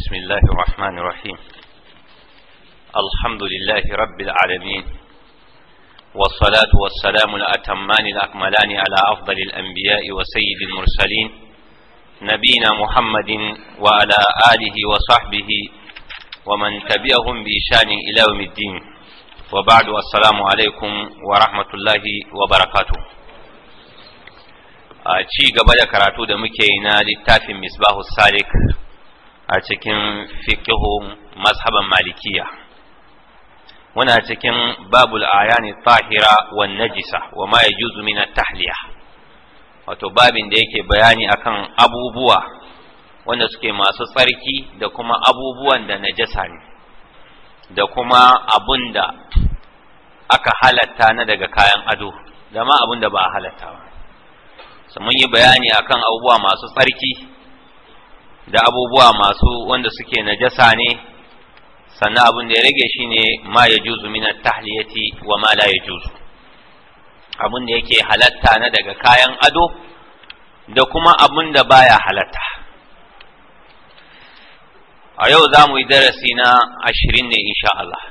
بسم الله الرحمن الرحيم الحمد لله رب العالمين والصلاة والسلام الأتمان الأكملان على أفضل الأنبياء وسيد المرسلين نبينا محمد وعلى آله وصحبه ومن تبعهم بإشان إلى يوم الدين وبعد السلام عليكم ورحمة الله وبركاته ci gaba da karatu da muke yi na littafin misbahu salik a cikin fiqhun mazhaban malikiya muna cikin babul ayani tahira wan najisa wa ma yajuzu min tahliya wato babin da yake bayani akan abubuwa wanda suke masu tsarki da kuma abubuwan da najasa ne da kuma abun da aka halatta na daga kayan ado da ma abun da ba a halatta ba mun yi bayani akan abubuwa masu tsarki da abubuwa masu wanda suke najasa ne sannan abin da ya rage shi ne ma ya juzu mina tahliyati wa ma la ya juzu abin da yake halatta na daga kayan ado da kuma abin da baya halatta a yau za mu yi darasi na ashirin ne insha Allah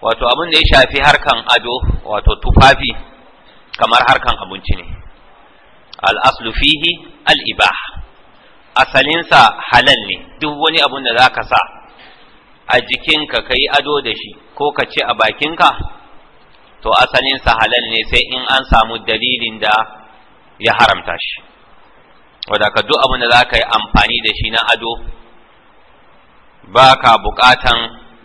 wato abin da ya shafi harkan ado wato tufafi kamar harkan abinci ne al aslu fihi al ibaha asalinsa halal ne duk wani abun da za ka sa a jikinka ka yi ado da shi ko ka ce a bakinka to asalinsa halal ne sai in an samu dalilin da ya haramta shi wadda ka duk abun da za ka yi amfani da shi na ado ba ka buƙatan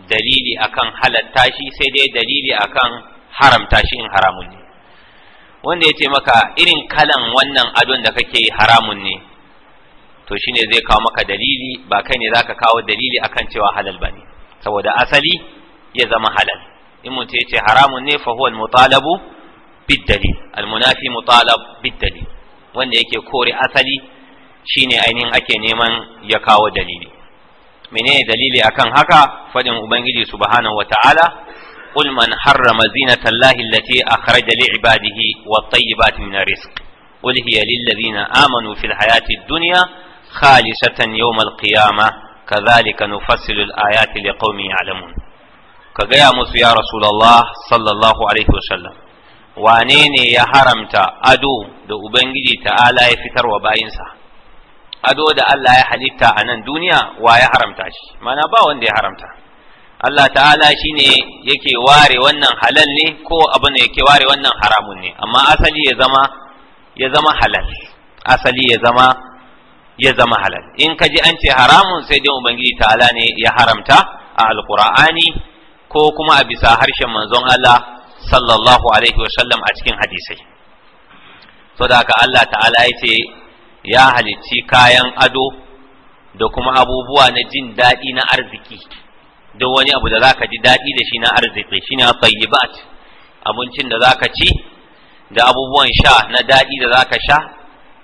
dalili akan halatta shi sai dai dalili akan haramta shi in haramun ne wanda ya ce maka irin kalan wannan adon da kake haramun ne to shine zai kawo maka dalili ba kai ne zaka kawo dalili akan cewa halal bane saboda asali ya zama halal in mutum yace haramun ne fa huwa mutalabu bid dalil al munafi mutalab bid dalil wanda yake kore asali shine ainihin ake neman ya kawo dalili menene dalili akan haka fadin ubangiji subhanahu wataala قل من حرم زينة الله التي أخرج لعباده والطيبات من الرزق قل هي للذين آمنوا في الحياة الدنيا khalisatan yawmal qiyama kadhalika nufassilu al-ayati liqaumin ya'lamun ka gaya musu ya rasulullah sallallahu alaihi wasallam wane ne ya haramta ado da ubangiji ta'ala ya fitar wa bayinsa ado da Allah ya halitta a nan duniya wa ya haramta shi mana ba wanda ya haramta Allah ta'ala shi ne yake ware wannan halal ne ko abin da yake ware wannan haramun ne amma asali ya zama ya zama halal asali ya zama ya zama halal in ka ji an ce haramun sai dai ubangiji ta'ala ne ya haramta a alqur'ani ko kuma a bisa harshen manzon Allah sallallahu alaihi wa sallam a cikin hadisai to da haka Allah ta'ala ya ce ya halicci kayan ado da kuma abubuwa na jin daɗi na arziki duk wani abu da zaka ji daɗi da shi na arziki shine tayyibat abincin da zaka ci da abubuwan sha na daɗi da zaka sha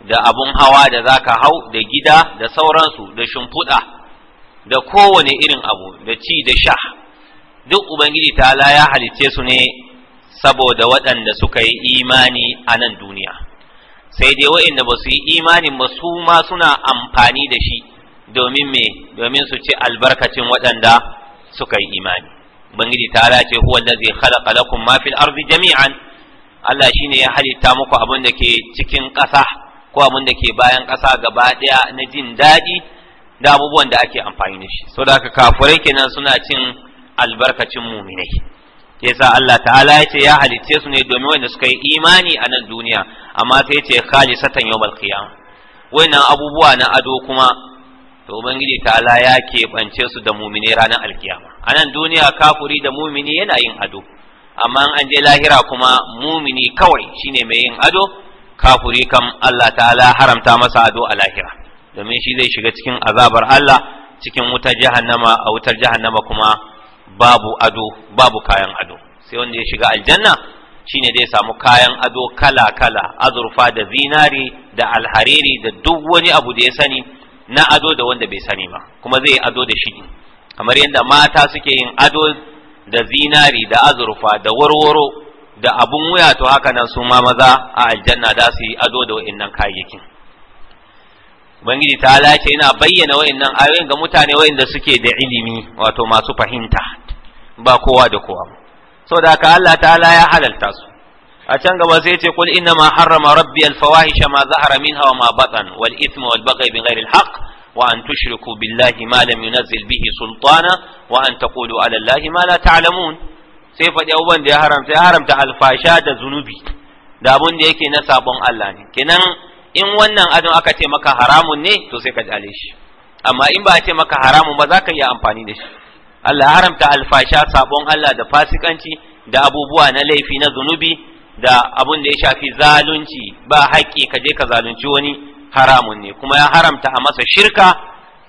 da abun hawa da zaka hau da gida da sauransu da shimfuda, da kowane irin abu da ci da sha duk ubangiji ta ya halicce su ne saboda waɗanda suka yi imani a nan duniya sai dai waɗanda ba su yi imanin ba su ma suna amfani da shi domin me domin su ci albarkacin waɗanda suka yi imani ubangiji ta ce huwa allazi khalaqa lakum ma fil ardi jami'an Allah shine ya halitta muku abin da ke cikin ƙasa ko abin da ke bayan ƙasa gaba ɗaya na jin daɗi da abubuwan da ake amfani da shi saboda haka kafurai kenan suna cin albarkacin muminai yasa Allah ta'ala ya ce ya halicce su ne domin wanda suka yi imani a nan duniya amma sai ce khalisatan yawmal Wai wannan abubuwa na ado kuma to ubangiji ta'ala ya keɓance su da mumini ranar alkiyama a nan duniya kafuri da mumini yana yin ado amma an je lahira kuma mumini kawai shine mai yin ado kafuri kam Allah ta'ala haramta masa ado a lahira domin shi zai shiga cikin azabar Allah cikin wutar jahannama a wutar jahannama kuma babu ado babu kayan ado sai wanda ya shiga aljanna shine zai samu kayan ado kala kala azurfa da zinari da alhariri da duk wani abu da ya sani na ado da wanda bai sani ba kuma zai ado da shi kamar yadda mata suke yin ado da zinari da azurfa da warwaro da abun wuya to haka nan su ma maza a aljanna za su yi ado da wa'innan kayayyakin ubangiji ta lace yana bayyana wa'innan ayoyin ga mutane wa'inda suke da ilimi wato masu fahimta ba kowa da kowa da haka Allah ta ya halalta su a can gaba sai ce kul inna ma harrama rabbi al fawahisha ma zahara minha wa ma batan wal ithma wal baghy bi ghairi wa an tushriku billahi ma lam yunzil bihi sultana wa an taqulu ala allahi ma la ta'lamun sai faɗi abubuwan da ya haramta ya haramta alfasha da zunubi da abun da yake na sabon Allah ne kenan in wannan adon aka ce maka haramun ne to sai ka jale shi amma in ba a ce maka haramun ba za ka iya amfani da shi Allah haramta alfasha sabon Allah da fasikanci da abubuwa na laifi na zunubi da abun da ya shafi zalunci ba haƙƙi ka je ka zalunci wani haramun ne kuma ya haramta a masa shirka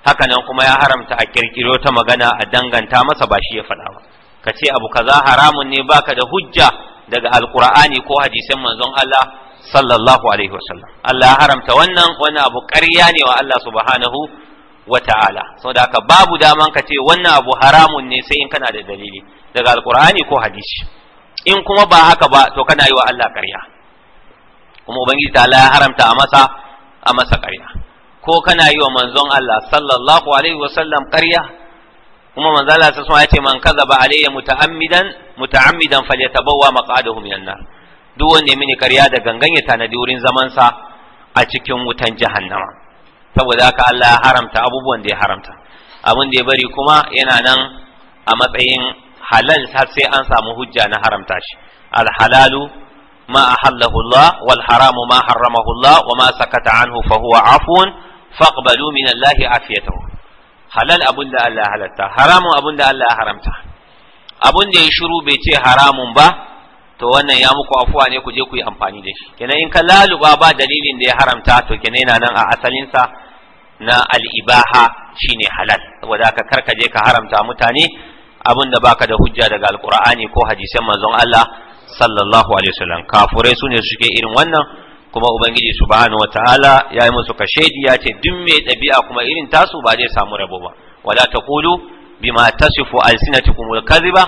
haka nan kuma ya haramta a kirkiro ta magana a danganta masa ba shi ya faɗa ba ka ce abu kaza haramun ne baka da hujja daga alqur'ani ko hadisin manzon Allah sallallahu alaihi wasallam Allah ya haramta wannan wannan abu ƙarya ne wa Allah subhanahu wata'ala saboda haka babu daman ka ce wannan abu haramun ne sai in kana da dalili daga alqur'ani ko hadisi in kuma ba haka ba to kana yi wa Allah ƙarya kuma ubangiji ta Allah ya haramta a masa a masa ƙarya ko kana yi wa manzon Allah sallallahu alaihi wasallam ƙarya kuma manzala sa sun ce man kazaba alayya muta'ammidan muta'ammidan falyatabawwa maq'adahu minan nar duk wanda ya mini karya da gangan ya tanadi wurin zaman sa a cikin wutan jahannama saboda haka Allah ya haramta abubuwan da ya haramta abin da ya bari kuma yana nan a matsayin halal har sai an samu hujja na haramta shi al halalu ma ahallahu Allah wal haramu ma harramahu Allah wa ma sakata anhu fa huwa afun faqbalu min Allah afiyatahu halal abunda da Allah ya halatta haramun abun da Allah ya haramta abun da ya shiru bai ce haramun ba to wannan ya muku afuwa ne ku je ku yi amfani da shi kenan in ka laluba ba dalilin da ya haramta to kenan yana nan a asalinsa na al ibaha shine halal saboda ka karka je ka haramta mutane abun da baka da hujja daga alqur'ani ko hadisin manzon Allah sallallahu alaihi wasallam kafurai sune suke irin wannan kuma ubangiji subhanahu wataala ya yi musu kashedi ya ce duk mai ɗabi'a kuma irin tasu ba zai samu rabo ba wala taqulu bima tasifu alsinatukum alkaziba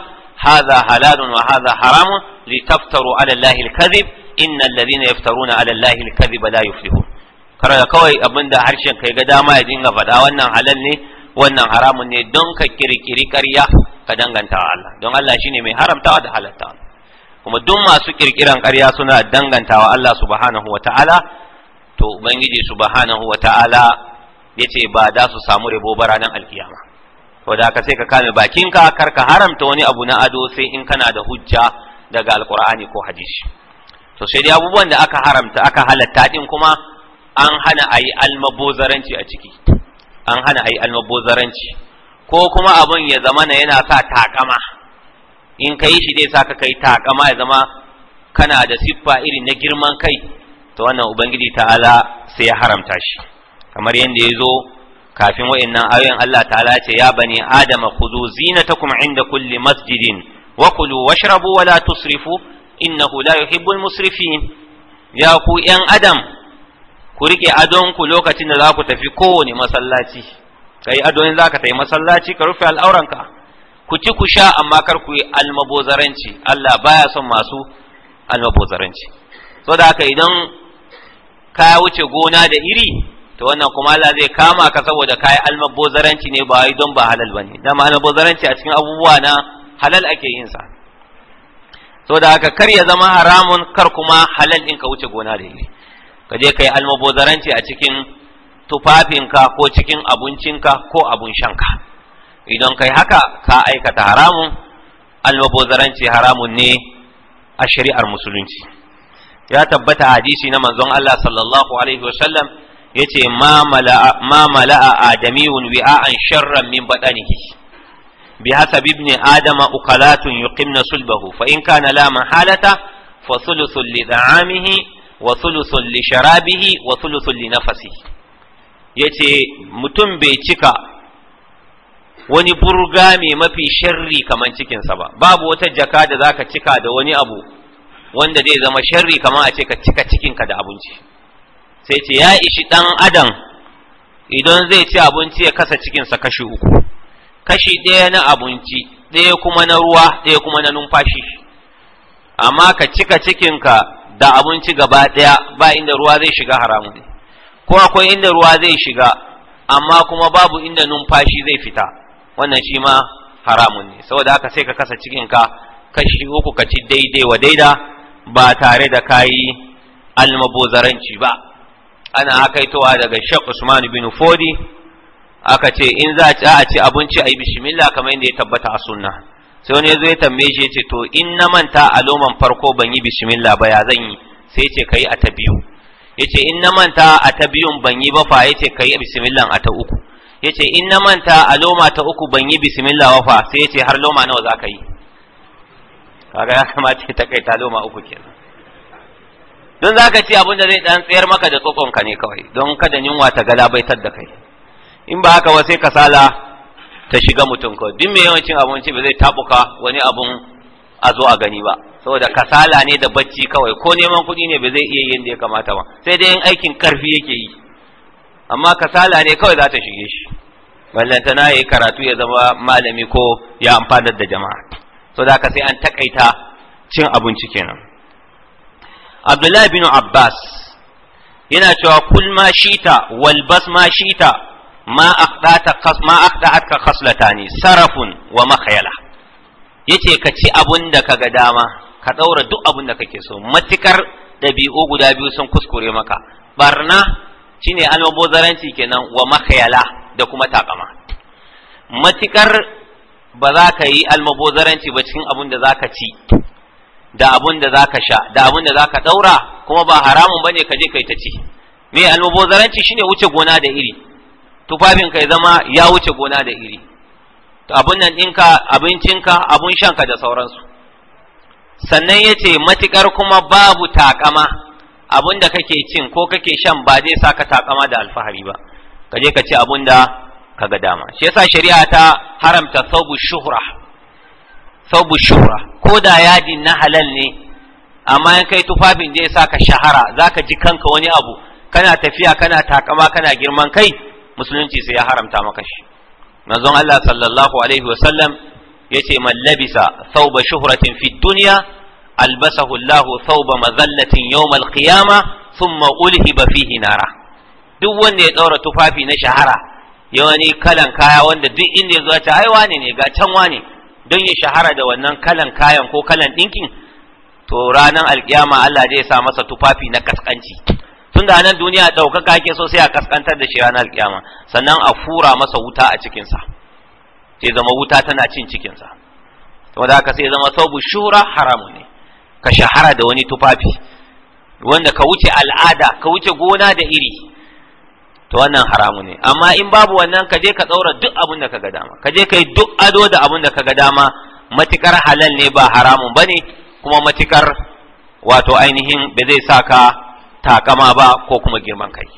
hadha halalun wa hadha haramun litaftaru ala allahi alkazib inna alladhina yaftaruna ala allahi alkaziba la yuflihun karar kawai abinda harshen kai ga dama ya dinga faɗa wannan halal ne wannan haramun ne don ka kirkiri ƙarya ka danganta Allah don Allah shine mai haramtawa da halatta kuma duk masu kirkiran ƙarya suna dangantawa Allah subhanahu wa ta'ala to ubangiji subhanahu wa ta'ala yace ba za su samu rabo ba ranar alkiyama to da ka sai ka kame bakinka kar ka haramta wani abu na ado sai in kana da hujja daga alqur'ani ko hadisi to sai dai abubuwan da aka haramta aka halatta din kuma an hana ayi almabozaranci a ciki an hana ayi almabozaranci ko kuma abun ya zamana yana sa takama in ka yi shi zai sa ka kai takama ya zama kana da siffa irin na girman kai to wannan ubangiji ta'ala sai ya haramta shi kamar yadda ya zo kafin wa'annan ayoyin Allah ta'ala ce ya bani adama khudhu zinatakum inda kulli masjidin wa kulu washrabu wala la tusrifu innahu la yuhibbul musrifin ya ku yan adam ku rike adonku lokacin da za ku tafi kowane masallaci kai adon za ka tafi masallaci ka rufe al'auranka ku ci ku sha amma kar ku yi almabozaranci Allah baya son masu almabozaranci so da haka idan ka wuce gona da iri to wannan kuma Allah zai kama ka saboda kai almabozaranci ne ba don ba halal bane dama almabozaranci a cikin abubuwa na halal ake yin sa saboda haka kar ya zama haramun kar kuma halal in ka wuce gona da iri ka je kai almabozaranci a cikin tufafinka ko cikin abincinka ko abun shanka idan kai haka ka aikata haramun almabozaranci haramun ne a shari'ar musulunci ya tabbata hadisi na manzon Allah sallallahu alaihi wa sallam yace ma mala'a adamiyun wi'a'an sharran min badanihi bi hasab ibni adama uqalatun yuqimna sulbahu fa in kana la mahalata fa thuluthun li da'amihi wa thuluthun li sharabihi wa thuluthun li nafasihi yace mutum bai cika wani burga mai mafi sharri kamar cikinsa ba babu wata jaka da zaka cika da wani abu wanda zai zama sharri kamar a ce ka cika cikinka da abinci sai ce ya ishi dan adam idan zai ci abinci ya kasa cikinsa kashi uku kashi ɗaya na abinci ɗaya kuma na ruwa ɗaya kuma na numfashi amma ka cika cikinka da abinci gaba ɗaya ba inda ruwa zai shiga haramu ko akwai inda ruwa zai shiga amma kuma babu inda numfashi zai fita wannan shi ma haramun ne saboda haka sai ka kasa cikinka kashi uku ka ci daidai wa daida ba tare da kayi almabozaranci ba ana akaitowa daga Sheikh Usman bin Fodi aka ce in za a ci abinci a yi bismillah kamar yadda ya tabbata a sunna sai wani yazo ya tambaye shi ce to in na manta a loman farko ban yi bismillah ba ya zan yi sai ce kai a ta biyu yace in na manta a ta biyun ban yi ba fa yace kai bismillah a ta uku yace in na manta a loma ta uku ban yi bismillah wafa sai yace har loma nawa za ka yi kaga ya kamata ta kai ta loma uku kenan don zaka ci abin da zai dan tsayar maka da tsokonka ne kawai don kada yunwa ta galabaitar da kai in ba haka ba sai kasala ta shiga mutum ko duk mai yawancin abinci ba zai tabuka wani abun a zo a gani ba saboda kasala ne da bacci kawai ko neman kuɗi ne ba zai iya yin da ya kamata ba sai dai in aikin karfi yake yi amma kasala ne kawai za ta shige shi ballanta na yi karatu ya zama malami ko ya amfanar da jama'a so da ka sai an takaita cin abinci kenan abdullahi bin abbas yana cewa kul ma shita wal bas ma shita ma aqdata qas ma akhda'atka khaslatani sarafun wa makhayala yace ka ci abun da ka ga dama ka daura duk abun da kake so matikar dabi'u guda biyu sun kuskure maka barna shine almabozaranci kenan wa makayala da kuma takama matikar ba za ka yi almabozaranci ba cikin abin da za ka ci da abin da za ka sha da abin da za ka ɗaura kuma ba haramun ba ne ka je kai ta ci me almabozaranci shine wuce gona da iri tufafin ka ya zama ya wuce gona da iri abin nan ɗinka abincinka abin shanka da sauransu sannan ya ce matuƙar kuma babu taƙama abun da kake cin ko kake shan ba zai sa ka takama da alfahari ba ka je ka ci abun da kaga dama shi yasa shari'a ta haramta saubu shuhra saubu shuhra ko da yadi na halal ne amma in kai tufafin zai sa ka shahara zaka ji kanka wani abu kana tafiya kana takama kana girman kai musulunci sai ya haramta maka shi manzon Allah sallallahu alaihi wasallam yace man labisa sauba shuhratin fi dunya albasahu Allahu thawba mazallatin yawmal qiyama thumma ulhiba fihi nara duk wanda ya daura tufafi na shahara ya wani kalan kaya wanda duk inda ya zo ta ai wane ne ga can wane don ya shahara da wannan kalan kayan ko kalan dinkin to ranar alkiyama Allah zai sa masa tufafi na kaskanci tunda a nan duniya ɗaukaka ake so sai a kaskantar da shi ranar alkiyama sannan a fura masa wuta a cikinsa sai zama wuta tana cin cikinsa da haka sai zama saubu shura haramu ne ka shahara da wani tufafi wanda ka wuce al'ada ka wuce gona da iri to wannan haramu ne amma in babu wannan ka je ka ɗaura duk abin da ka ga dama ka je ka yi duk ado da abin da ka ga dama matikar halal ne ba haramun ba ne kuma matikar wato ainihin ba zai sa ka takama ba ko kuma girman kai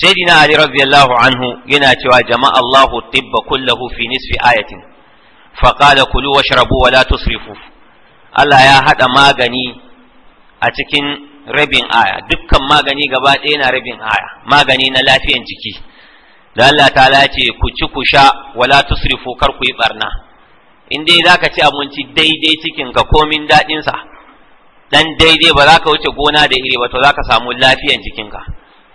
sayyidina ali radiyallahu anhu yana cewa jama'a Allahu tibba kullahu fi nisfi ayatin فقال كلوا واشربوا ولا تسرفوا Allah ya haɗa magani a cikin rabin aya dukkan magani gaba ɗaya na rabin aya magani na lafiyan jiki da Allah ta ce ku ci ku sha wala tusrifu kar ku yi barna in dai zaka ci abinci daidai cikin ka komin daɗin sa dan daidai ba za ka wuce gona da iri ba to za ka samu lafiyan jikinka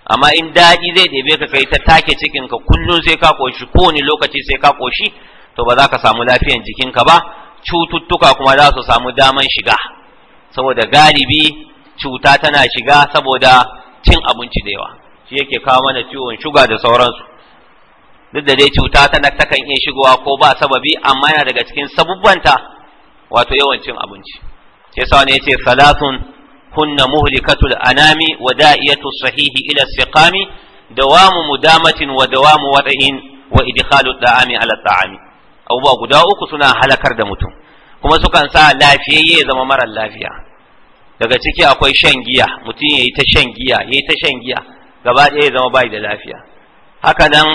amma in daɗi zai ɗebe ka kai ta take cikinka kullum sai ka koshi kowane lokaci sai ka koshi to ba za ka samu lafiyan jikinka ba cututtuka kuma za su samu daman shiga saboda galibi cuta tana shiga saboda cin abinci da yawa shi yake kawo mana ciwon shuga da sauransu duk da dai cuta tana takan iya shigowa ko ba sababi amma yana daga cikin sabubbanta wato yawan cin abinci sai sa ne yace salatun kunna muhlikatul anami wa da'iyatu sahihi ila siqami dawamu mudamatin wa dawamu wad'in wa idkhalu da'ami ala ta'ami abubuwa guda uku suna halakar da mutum kuma sukan sa lafiyayye ya zama mara lafiya daga ciki akwai shan giya mutum ya yi ta shan giya ya yi ta shan giya gaba ɗaya ya zama bai da lafiya haka nan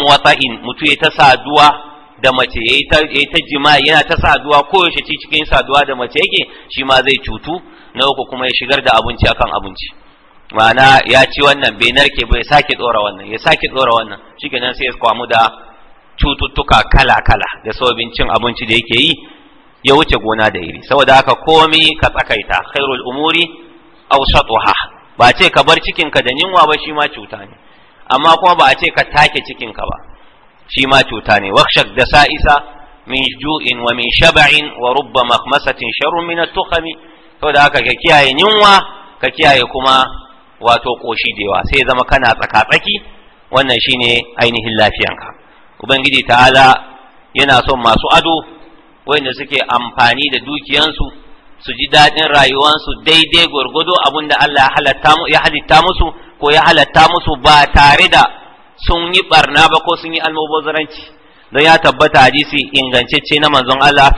mu wata'in mutum ya ta saduwa da mace ya yi ta jima'i yana ta saduwa koyaushe cikin saduwa da mace yake shi ma zai cutu na uku kuma ya shigar da abinci akan abinci ma'ana ya ci wannan bai narke ba ya sake tsora wannan ya sake tsora wannan nan sai ya kwamu da cututtuka kala-kala da sababin cin abinci da yake yi ya wuce gona da iri saboda haka komi ka tsakaita khairul umuri satuha ba ce ka bar cikinka da yunwa ba shi ma cuta ne amma kuma ba a ce ka take cikin ka ba shi ma cuta ne wakshak da sa'isa min ju'in wa min shab'in wa rubba makhmasatin sharrun min at-tukhami saboda haka ka kiyaye yunwa ka kiyaye kuma wato koshi da yawa sai zama kana tsaka tsaki wannan shine ainihin lafiyanka ubangiji ta'ala yana son masu ado wanda suke amfani da dukiyansu su ji daɗin rayuwansu daidai gwargwado abin da Allah ya halitta musu ko ya halatta musu ba tare da sun yi barna ba ko sun yi almubazaranci don ya tabbata hadisi ingancacce na manzon Allah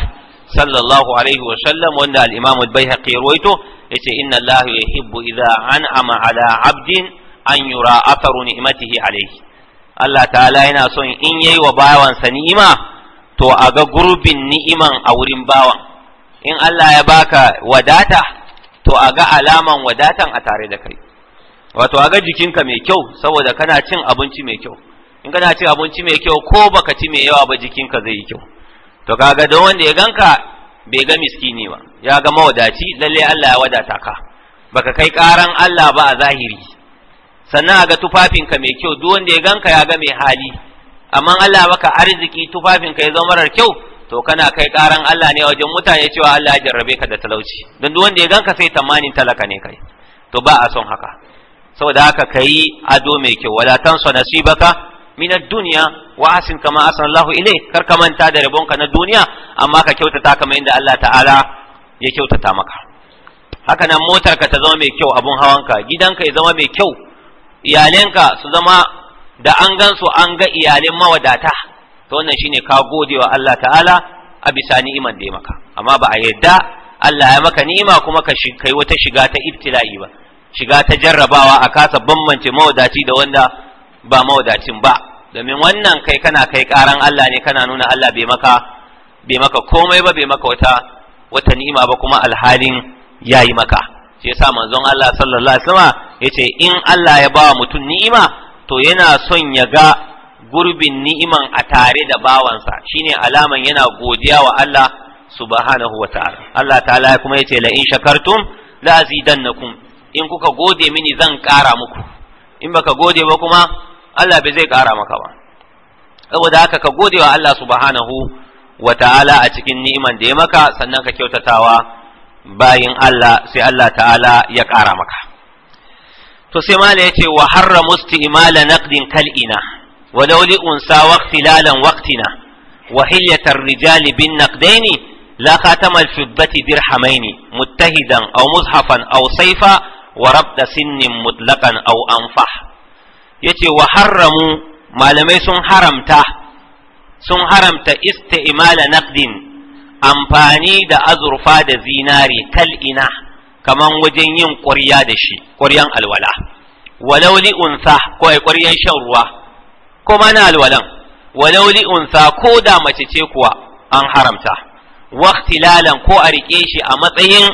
sallallahu alaihi wa sallam wanda al-Imam al-Baihaqi ruwaito yace inna Allah yuhibbu idza an'ama ala 'abdin an yura atharu ni'matihi Alayhi. Allah ta'ala yana son in yayi wa bawansa ni'ima to a ga gurbin ni'iman a wurin bawan in Allah ya baka wadata to a ga alaman wadatan a tare da kai wato a ga jikinka mai kyau saboda kana cin abinci mai kyau in kana cin abinci mai kyau ko baka ci mai yawa ba jikinka zai yi kyau to kaga don wanda ya ganka bai ga miskini ba ya ga mawadaci lalle Allah ya wadata ka baka kai karan Allah ba a zahiri sannan a ga tufafinka mai kyau duk wanda ya ganka ya ga mai hali amma Allah maka arziki tufafinka ya zama marar kyau to kana kai karan Allah ne wajen mutane cewa Allah ya jarrabe ka da talauci don duk wanda ya ganka sai tamanin talaka ne kai to ba a son haka saboda haka kai ado mai kyau wala tansa nasibaka min ad-dunya wa asin kama asan Allah ilai kar ka manta da rabonka na duniya amma ka kyautata kamar inda Allah ta'ala ya kyautata maka haka nan motarka ta zama mai kyau abun hawanka gidanka ya zama mai kyau iyalenka su zama da an gan su an ga iyalen mawadata to wannan shine ka gode wa Allah ta'ala a bisa ni'imar da ya maka amma ba a yadda Allah ya maka ni'ima kuma ka kai wata shiga ta ibtila'i ba shiga ta jarrabawa a kasa bambance mawadaci da wanda ba mawadacin ba domin wannan kai kana kai karan Allah ne kana nuna Allah bai maka bai maka komai ba bai maka wata wata ni'ima ba kuma alhalin yayi maka shi yasa manzon Allah sallallahu alaihi wasallam yace in Allah ya bawa mutum ni'ima to yana son ya ga gurbin ni'iman a tare da bawansa shine alaman yana godiya wa Allah subhanahu wa ta'ala Allah ta'ala kuma yace la in shakartum la azidannakum in kuka gode mini zan ƙara muku in baka gode ba kuma Allah bai zai ƙara maka ba saboda haka ka gode wa Allah subhanahu wa ta'ala a cikin ni'iman da ya maka sannan ka kyautatawa bayin Allah sai Allah ta'ala ya ƙara maka to sai mala yace wa harramu isti'mala naqdin kal'ina wa lauli unsa waqtilalan waqtina wa hilyatar rijali bin naqdaini لا خاتم الفضة درحمين متهدا muzhafan مصحفا saifa سيفا وربط سن مطلقا أو أنفح يتي وحرموا ما لم يسن حرمته sun haramta istimala naqdin amfani da azurfa da zinari kal ina kaman wajen yin ƙwarya da shi ƙwaryan alwala walau unsa ko ai ƙwaryan shan ruwa ko ma na alwalan walau unsa ko da mace ce kuwa an haramta lalan ko a rike shi a matsayin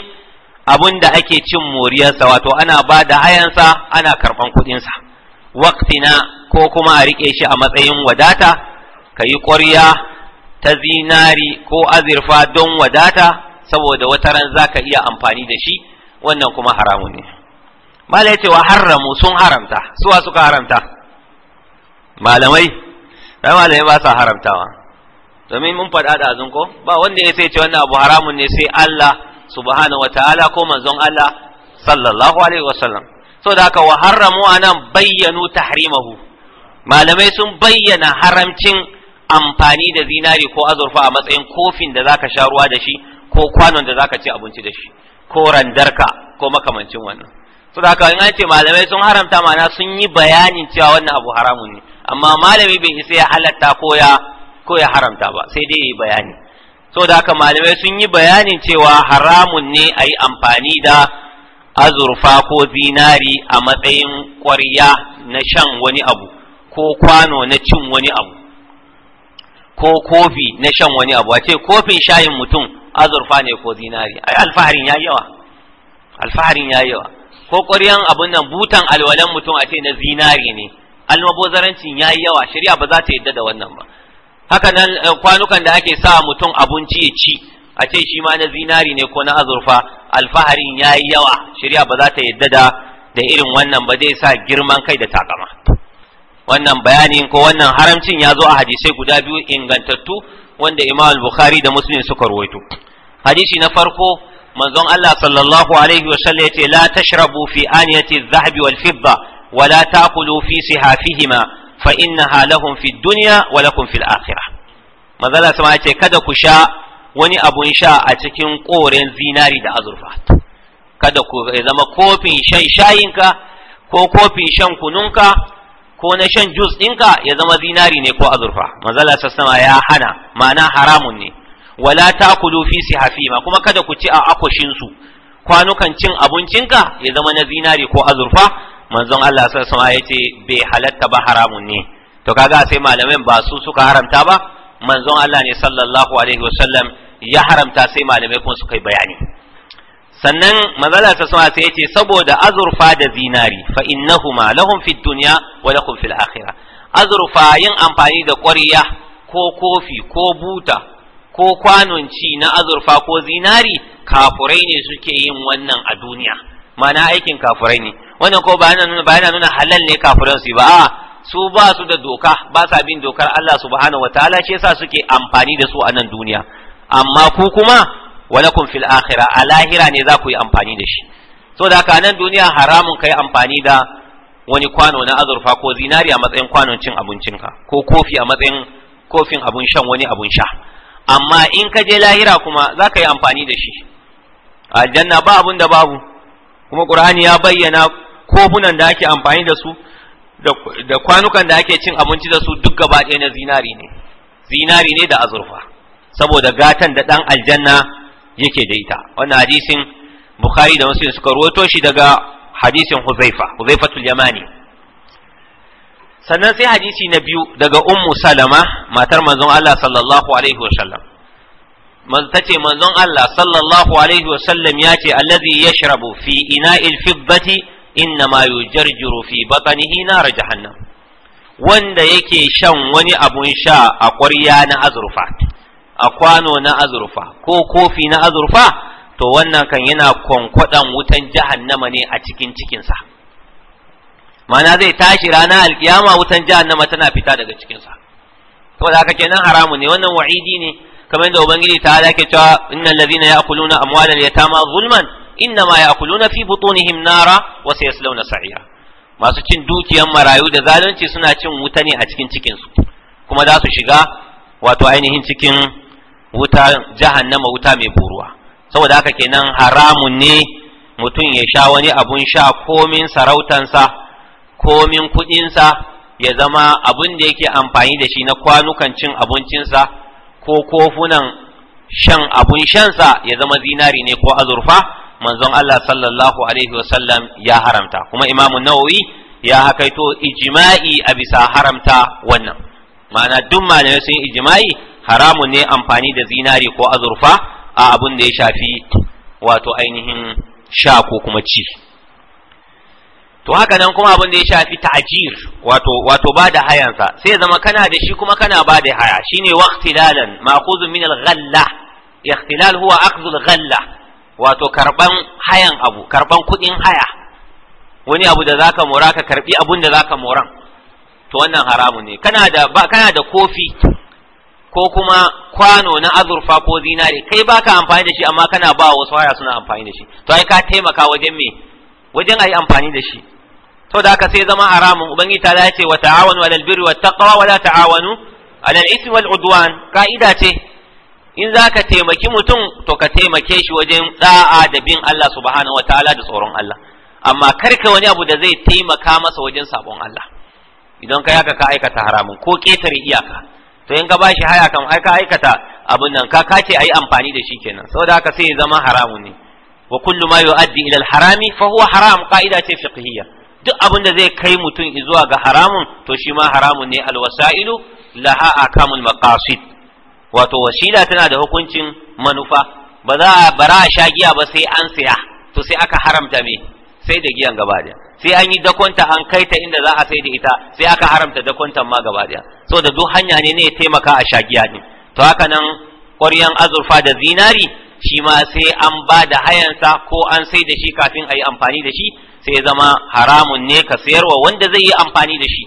abun da ake cin moriyarsa wato ana ba da hayansa ana karɓan kuɗinsa na ko kuma a rike shi a matsayin wadata ka yi ƙwarya ta zinari ko azirfa don wadata saboda wata ran za iya amfani da shi wannan kuma haramun ne mala ce wa haramu sun haramta suwa suka haramta malamai da malamai ba sa haramtawa domin mun faɗa da azun ko ba wanda ya sai ce wannan abu haramun ne sai Allah subhanahu ta'ala ko manzon Allah sallallahu alaihi wasallam so da haka wa haramu anan bayyanu tahrimahu malamai sun bayyana haramcin amfani da zinari ko azurfa a matsayin kofin da zaka sha ruwa da shi ko kwanon da zaka ci abinci da shi ko randarka ko makamancin wannan to da haka in an ce malamai sun haramta mana sun yi bayanin cewa wannan abu haramun ne amma malami bai isa ya halatta ko ya ko ya haramta ba sai dai yi bayani to da haka malamai sun yi bayanin cewa haramun ne a yi amfani da azurfa ko zinari a matsayin ƙwarya na shan wani abu ko kwano na cin wani abu ko kofi na shan wani abu a kofin shayin mutum azurfa ne ko zinari ai alfaharin ya yawa alfaharin ya yawa ko ƙwaryan abun nan butan alwalan mutum a ce na zinari ne almabozarancin ya yawa shari'a ba za ta yadda da wannan ba haka nan eh, kwanukan da ake sa mutum abinci ya ci a ce shi ma na zinari ne ko na azurfa alfaharin ya yi yawa shari'a ba za ta yadda da da irin wannan ba zai sa girman kai da takama wannan bayanin ko wannan haramcin ya zo a hadisai guda biyu ingantattu wanda imam al-bukhari da muslim suka ruwaito hadisi na farko manzon Allah sallallahu alaihi wa sallam yace la tashrabu fi aniyati adh-dhahabi wal-fidda wa la ta'kulu fi sihafihima fa innaha lahum fi dunya wa lakum fil akhirah manzon Allah sama yace kada ku sha wani abun sha a cikin koren zinari da azurfa kada ku zama kofin shan shayinka ko kofin shan kununka ko na shan jus ɗinka ya zama zinari ne ko azurfa manzala sassama ya hana ma'ana haramun ne wala takulu fi sihafima kuma kada ku ci a akushin su kwanukan cin abincinka ya zama na zinari ko azurfa manzon Allah sallallahu alaihi wasallam yace bai halatta ba haramun ne to kaga sai malamin ba su suka haramta ba manzon Allah ne sallallahu alaihi wasallam ya haramta sai malamai kuma suka yi bayani sannan manzala ta sama yace saboda azurfa da zinari fa innahuma lahum fid dunya wa lakum fil akhirah azurfa yin amfani da ƙwarya ko kofi ko buta ko kwanon ci na azurfa ko zinari kafurai ne suke yin wannan a duniya mana aikin kafurai ne wannan ko ba nuna ba yana nuna halal ne kafuran su ba a su ba su da doka ba sa bin dokar Allah subhanahu wataala shi yasa suke amfani da su a nan duniya amma ku kuma walakum fil akhirah a lahira ne za ku yi amfani da shi da haka nan duniya haramun kai amfani da wani kwano na azurfa ko zinari a matsayin kwanon cin abincinka ko kofi a matsayin kofin abun shan wani abun sha amma in ka je lahira kuma za ka yi amfani da shi aljanna ba abun da babu kuma ƙur'ani ya bayyana kofunan da ake amfani da su da kwanukan da ake cin abinci da su duk gaba ɗaya na zinari ne zinari ne da azurfa saboda gatan da ɗan aljanna yake da ita wannan hadisin bukhari da muslim suka ruwato shi daga hadisin huzaifa huzaifatul yamani sannan sai hadisi na biyu daga ummu salama matar manzon Allah sallallahu alaihi wa sallam ta ce manzon Allah sallallahu alaihi wa sallam ya ce allazi yashrabu fi ina'il fiddati innama yujarjiru fi batnihi nar jahannam wanda yake shan wani abun sha a ƙwarya na azurfa a kwano na azurfa ko kofi na azurfa to wannan kan yana kwankwaɗan wutan jahannama ne a cikin cikinsa ma'ana zai tashi rana alkiyama wutan jahannama tana fita daga cikinsa saboda haka kenan haramu ne wannan wa'idi ne kamar da ubangiji ta ala ke cewa innal ladina ya'kuluna al yatama zulman innama ya'kuluna fi butunihim nara wa sayaslawna sa'ira masu cin dukiyan marayu da zalunci suna cin wuta ne a cikin cikinsu kuma za su shiga wato ainihin cikin wuta jahannama wuta mai buruwa saboda haka kenan haramun ne mutum ya sha wani abun sha komin sarautansa komin kuɗinsa ya zama abin da yake amfani da shi na kwanukan cin abincinsa ko kofunan shan abun shansa ya zama zinari ne ko azurfa manzon Allah sallallahu alaihi wasallam ya haramta kuma imam nawawi ya hakaito ijma'i a bisa haramta wannan ma'ana duk malamai sun ijma'i haramun ne amfani da zinari ko azurfa a abun da ya shafi wato ainihin sha ko kuma ci to haka nan kuma abin da ya shafi ta'jir wato wato ba da hayansa sai ya zama kana da shi kuma kana ba da haya shine waqtilalan ma'khuzun min al-ghalla ikhtilal huwa akhdhu al-ghalla wato karban hayan abu karban kudin haya wani abu da zaka mora ka karbi abun da zaka moran to wannan haramun ne kana da ba kana da kofi ko kuma kwano na azurfa ko zinare kai baka amfani da shi amma kana ba wasu haya suna amfani da shi to ai ka taimaka wajen me wajen ayi amfani da shi to da haka sai zama haramun ubangiji ta ce wa ta'awanu alal birri taqwa wa la ta'awanu alal ismi wal udwan ka'ida ce in zaka taimaki mutum to ka taimake shi wajen da'a da bin Allah subhanahu wataala da tsoron Allah amma karka wani abu da zai taimaka masa wajen sabon Allah idan ka yaka ka aikata haramun ko ketare iyaka to in ka bashi haya kan ai ka aikata abun nan ka kace ayi amfani da shi kenan saboda haka sai ya zama haramun ne wa kullu ma yu'addi ila al-harami fa huwa haram qa'ida ce fiqhiyya duk abin da zai kai mutum zuwa ga haramun to shi ma haramun ne alwasa'ilu laha akamul maqasid wato wasila tana da hukuncin manufa ba za a bara a sha giya ba sai an siya to sai aka haramta me sai da giyan gaba da sai an yi dakonta an kai ta inda za a sai da ita sai aka haramta dakonta ma gaba da so da duk hanya ne ne ya taimaka a sha giya din to haka nan ƙwaryan azurfa da zinari shi ma sai an ba da hayansa ko an sai da shi kafin a yi amfani da shi sai zama haramun ne ka sayarwa wanda zai yi amfani da shi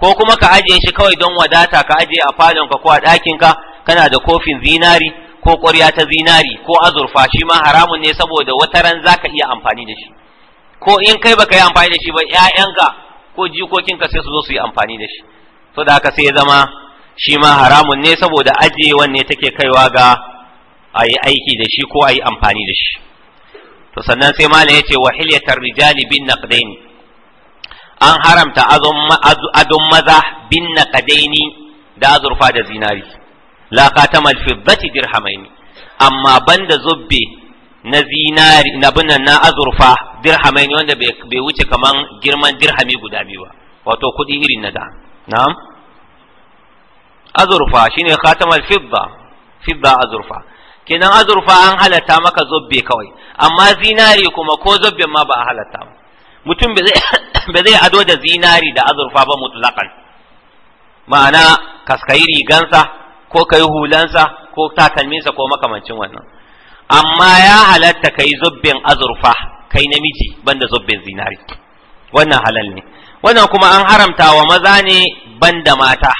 ko kuma ka ajiye shi kawai don wadata ka ajiye a falon ka ko a ɗakinka kana da kofin zinari ko ƙwarya ta zinari ko azurfa shi ma haramun ne saboda wata ran za ka iya amfani da shi ko in kai baka yi amfani da shi ba ‘ya'yanka ko jikokinka sai su zo su yi amfani da shi to da haka sai ya zama shi ma haramun ne saboda ajiyewan ne take kaiwa ga ayi aiki da shi ko ayi yi amfani da shi to sannan sai malam yace wa hilyatar rijali bin naqdaini an haramta adon maza bin kadaini da azurfa da zinari la qatamal fiddati dirhamaini amma banda zubbe na zinari na binan na azurfa dirhamaini wanda bai wuce kaman girman dirhami guda biyu ba wato kuɗi irin na da na'am azurfa shine khatamal fidda fidda azurfa kenan azurfa an halatta maka zobbe kawai amma zinari kuma ko zobben ma ba a halatta mutum ba zai ado da zinari da azurfa ba mutlaqan ma'ana kaskayi rigansa ko kai hulansa ko takalminsa ko makamancin wannan amma ya halatta kai zobben azurfa kai namiji banda zobben zinari wannan halal ne wannan kuma an haramta wa maza ne banda mata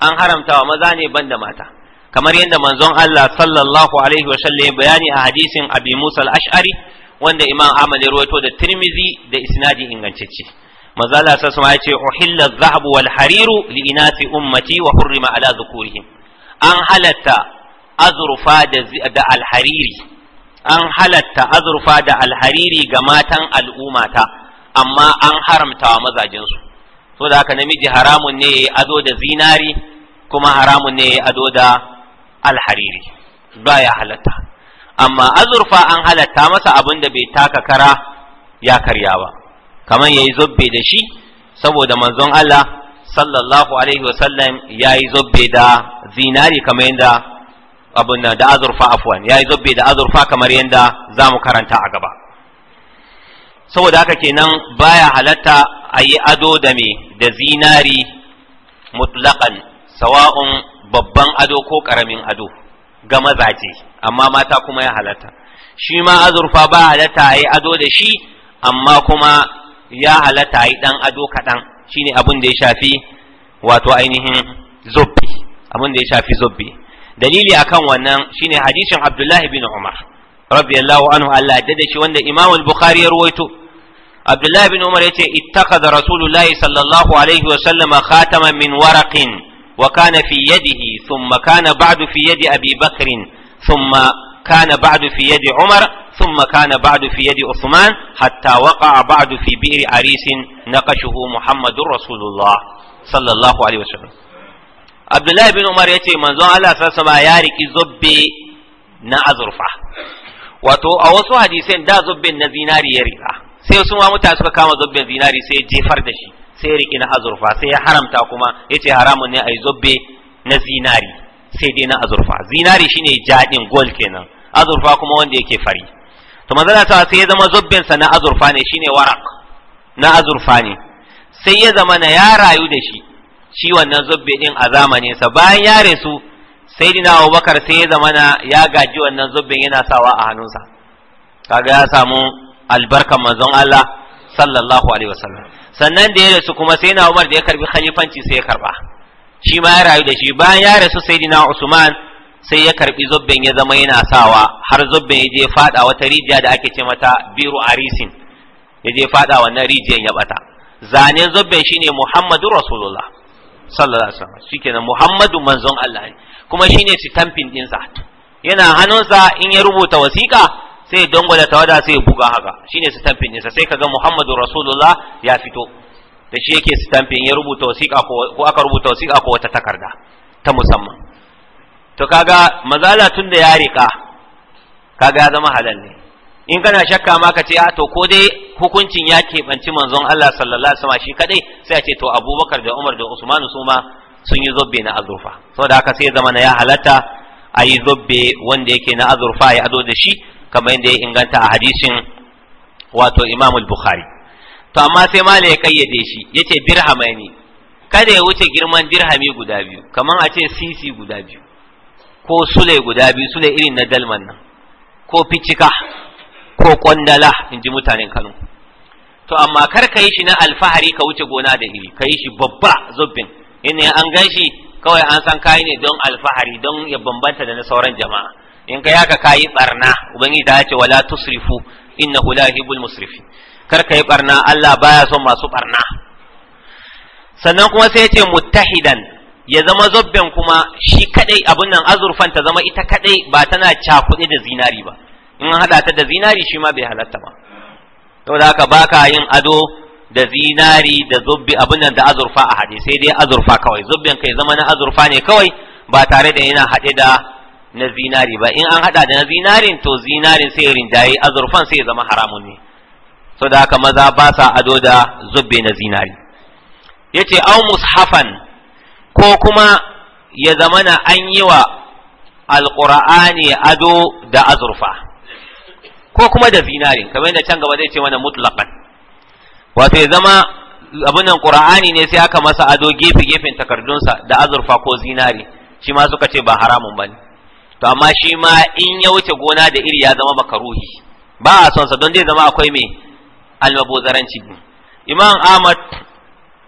an haramta wa maza ne banda mata kamar yadda manzon Allah sallallahu alaihi wasallam bayani a hadisin Abi Musa al-Ash'ari wanda Imam Ahmad ya rawaito da Tirmidhi da isnadi ingantacce manzo Allah sallallahu alaihi ya ce uhilla adh-dhahab wal hariru li inasi ummati wa hurrima ala dhukurihim an halatta azrufa da alhariri an halatta azurfa da alhariri ga matan al'ummata amma an haramta wa su so da haka namiji haramun ne ya ado da zinari kuma haramun ne ya ado da alhariri ba ya halatta amma azurfa an halatta masa abin da bai taka kara ya karya ba kamar yayi zobbe da shi saboda manzon Allah sallallahu alaihi wasallam yayi zobbe da zinari kamar yadda abun da azurfa afwan yayi zobbe da azurfa kamar yadda zamu karanta a gaba saboda haka kenan baya halatta ayi ado da me da zinari mutlaqan sawa'un babban ado ko ƙaramin ado ga mazaje amma mata kuma ya halatta shi ma azurfa ba halatta a yi ado da shi amma kuma ya halatta a yi ɗan ado kaɗan shine abin da ya shafi wato ainihin zobbi abin da ya shafi zobbi dalili akan wannan shine hadisin abdullahi bin umar radiyallahu anhu Allah ya da shi wanda imam bukhari ya ruwaito abdullahi bin umar yace da rasulullahi sallallahu alaihi wa sallama khataman min waraqin وكان في يده ثم كان بعد في يد أبي بكر ثم كان بعد في يد عمر ثم كان بعد في يد عثمان حتى وقع بعد في بئر عريس نقشه محمد رسول الله صلى الله عليه وسلم عبد الله بن عمر يتي منذ على فسما ياركي زب نعذرفه wato a wasu hadisai da zubbin na zinari دا زبي sai sun wa mutane suka kama zubbin zinari sai jefar sai riki na azurfa sai ya haramta kuma yace haramun ne ai zobe na zinari sai dai na azurfa zinari shine jadin gold kenan azurfa kuma wanda yake fari to manzala sa sai ya zama zobben sa na azurfa ne shine warak na azurfa ne sai ya zama na ya rayu da shi shi wannan zobbe din a zamanin sa bayan ya resu sayyidina Abubakar sai ya zama na ya gaji wannan zobben yana sawa a hannunsa kaga ya samu albarkan manzon Allah sallallahu alaihi wasallam sannan da ya rasu kuma sai na Umar da ya karbi khalifanci sai ya karba shi ma ya rayu da shi bayan ya rasu sayyidina Usman sai ya karbi zubben ya zama yana sawa har zubben ya je fada wata rijiya da ake ce mata biru arisin ya je fada wannan rijiyan ya bata zanen zubben shine Muhammadur Rasulullah sallallahu alaihi wasallam shikenan Muhammadu manzon Allah ne kuma shine sitamfin dinsa yana hannunsa in ya rubuta wasiƙa sai dangwala tawada sai buga haka shine stamping ɗinsa sai kaga Muhammadu Rasulullah ya fito da shi yake stamping ya rubuta wasiƙa ko aka rubuta wasiƙa ko wata takarda ta musamman to kaga mazala tun da ya rika kaga ya zama halal ne in kana shakka ma ka ce a ah, to ko dai hukuncin ya keɓanci manzon Allah sallallahu alaihi wasallam shi kadai sai a ce to Abubakar da Umar da Usman su ma sun yi zobbe na azurfa saboda haka sai zama na ya halatta a yi zobbe wanda yake na azurfa ya ado da shi kamar yadda ya inganta a hadisin wato Imam al-Bukhari to amma sai malai ya kayyade shi yace dirhamaini kada ya wuce girman dirhami guda biyu kamar a ce sisi guda biyu ko sule guda biyu sule irin na dalman nan ko ficika ko kwandala in ji mutanen Kano to amma kar ka yi shi na alfahari ka wuce gona da iri ka yi shi babba zubbin in an gan shi kawai an san kayi ne don alfahari don ya bambanta da na sauran jama'a in ka yaka kayi barna ubangiji ta ce wala tusrifu innahu la yuhibbul musrifin kar yi barna Allah baya son masu barna sannan kuma sai ya ce muttahidan ya zama zobben kuma shi kadai abun nan azurfan ta zama ita kadai ba tana cakude da zinari ba in an hada ta da zinari shi ma bai halatta ba saboda haka baka yin ado da zinari da zubbi abin nan da azurfa a haɗe sai dai azurfa kawai zubbin kai zama na azurfa ne kawai ba tare da yana haɗe da na zinari ba in an hada da na zinarin to zinarin sai rinjaye azurfan sai zama haramun ne so da haka maza ba sa ado da zubbe na zinari yace aw mushafan ko kuma ya zamana an yi wa alqur'ani ado da azurfa ko kuma da zinari kamar yadda can gaba zai ce mana mutlaqan wato ya zama abin nan qur'ani ne sai aka masa ado gefe gefen takardunsa da azurfa ko zinari shi ma suka ce ba haramun bane to amma shi ma in ya wuce gona da iri ya zama ruhi, ba a sonsa don zai zama akwai mai almabozaranci imam ahmad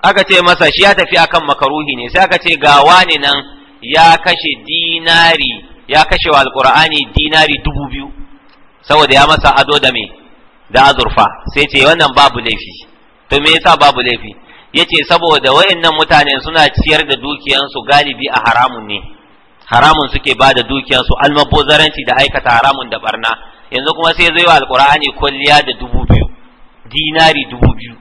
aka ce masa shi ya tafi akan makaruhi ne sai aka ce ga wani nan ya kashe dinari ya kashe wa alkur'ani dinari dubu biyu saboda ya masa ado da me da azurfa sai ce wannan babu laifi to me yasa babu laifi yace saboda wayannan mutane suna ciyar da dukiyansu galibi a haramun ne haramun suke ba da dukiyarsu almabozaranci da aikata haramun da barna yanzu kuma sai zai wa alkur'ani kwalliya da dubu biyu dinari dubu biyu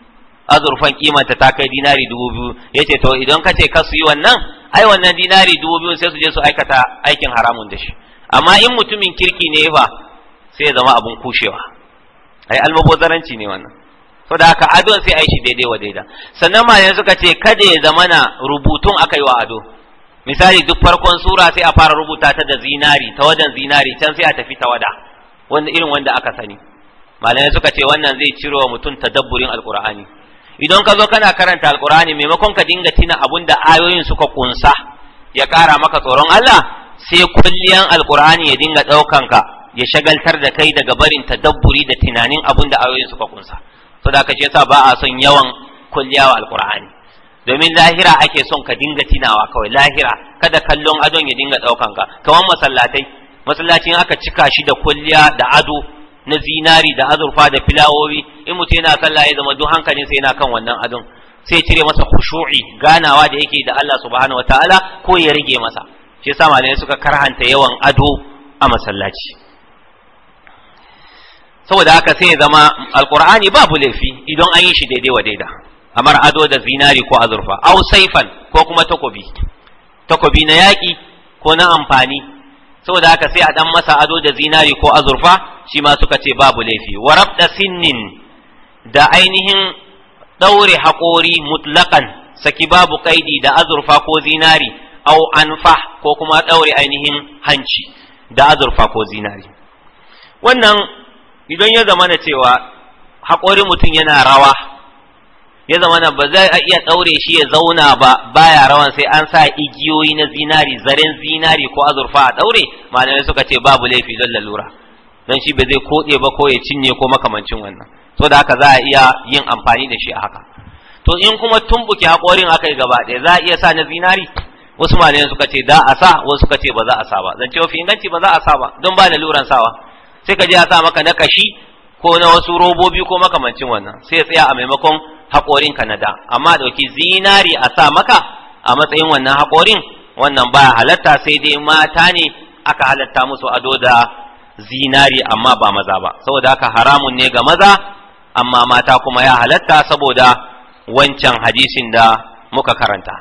azurfan kimanta ta kai dinari dubu biyu ya ce to idan ka ce ka su yi wannan ai wannan dinari dubu biyu sai su je su aikata aikin haramun da shi amma in mutumin kirki ne ba sai ya zama abun kushewa ai almabozaranci ne wannan to da haka adon sai a yi shi daidai wa daidai. sannan ma yanzu ka ce kada ya zamana rubutun aka yi wa ado misali duk farkon sura sai a fara rubuta ta da zinari ta wajen zinari can sai a tafi ta wada wanda irin wanda aka sani malamai suka ce wannan zai ciro wa mutum tadabburin alkur'ani idan ka zo kana karanta alkurani maimakon ka dinga tina abun da ayoyin suka kunsa ya kara maka tsoron Allah sai kulliyan alkur'ani ya dinga daukan ka ya shagaltar da kai daga barin tadabburi da tunanin abun da ayoyin suka kunsa saboda da ce yasa ba a son yawan kulliya wa alkur'ani domin lahira ake son ka dinga tinawa kawai lahira kada kallon adon ya dinga daukan ka kamar masallatai masallacin aka cika shi da kulliya da ado na zinari da azurfa da filawowi in mutum yana sallah ya zama duk hankalin sai yana kan wannan adon sai cire masa khushu'i ganawa da yake da Allah subhanahu wataala ko ya rage masa shi yasa malamai suka karhanta yawan ado a masallaci saboda haka sai ya zama alkur'ani babu laifi idan an yi shi daidai wa daida kamar ado da zinari ko azurfa au saifan ko kuma takobi takobi na yaƙi ko na amfani saboda haka sai a dan masa ado da zinari ko azurfa shi ma suka ce babu laifi wa rabda sinnin da ainihin daure hakori mutlaƙan saki babu kaidi da azurfa ko zinari au anfa ko kuma daure ainihin hanci da azurfa ko zinari wannan idan ya zama na cewa hakori mutum yana rawa ya zama na ba za a iya ɗaure shi ya zauna ba baya rawan sai an sa igiyoyi na zinari zaren zinari ko azurfa a ɗaure malamai suka ce babu laifi don lalura don shi ba zai koɗe ba ko ya cinye ko makamancin wannan so da haka za a iya yin amfani da shi a haka to in kuma tumbuke haƙorin aka yi gaba ɗaya za a iya sa na zinari wasu malamai suka ce da a sa wasu suka ce ba za a sa ba zance mafi inganci ba za a sa ba don ba laluran sawa sai ka je a sa maka na kashi ko na wasu robobi ko makamancin wannan sai ya tsaya a maimakon haƙorinka na da amma ɗauki zinari a sa maka a matsayin wannan haƙorin wannan ba halatta sai dai mata ne aka halatta musu ado da zinari amma ba maza ba saboda haka haramun ne ga maza amma mata kuma ya halatta saboda wancan hadisin da muka karanta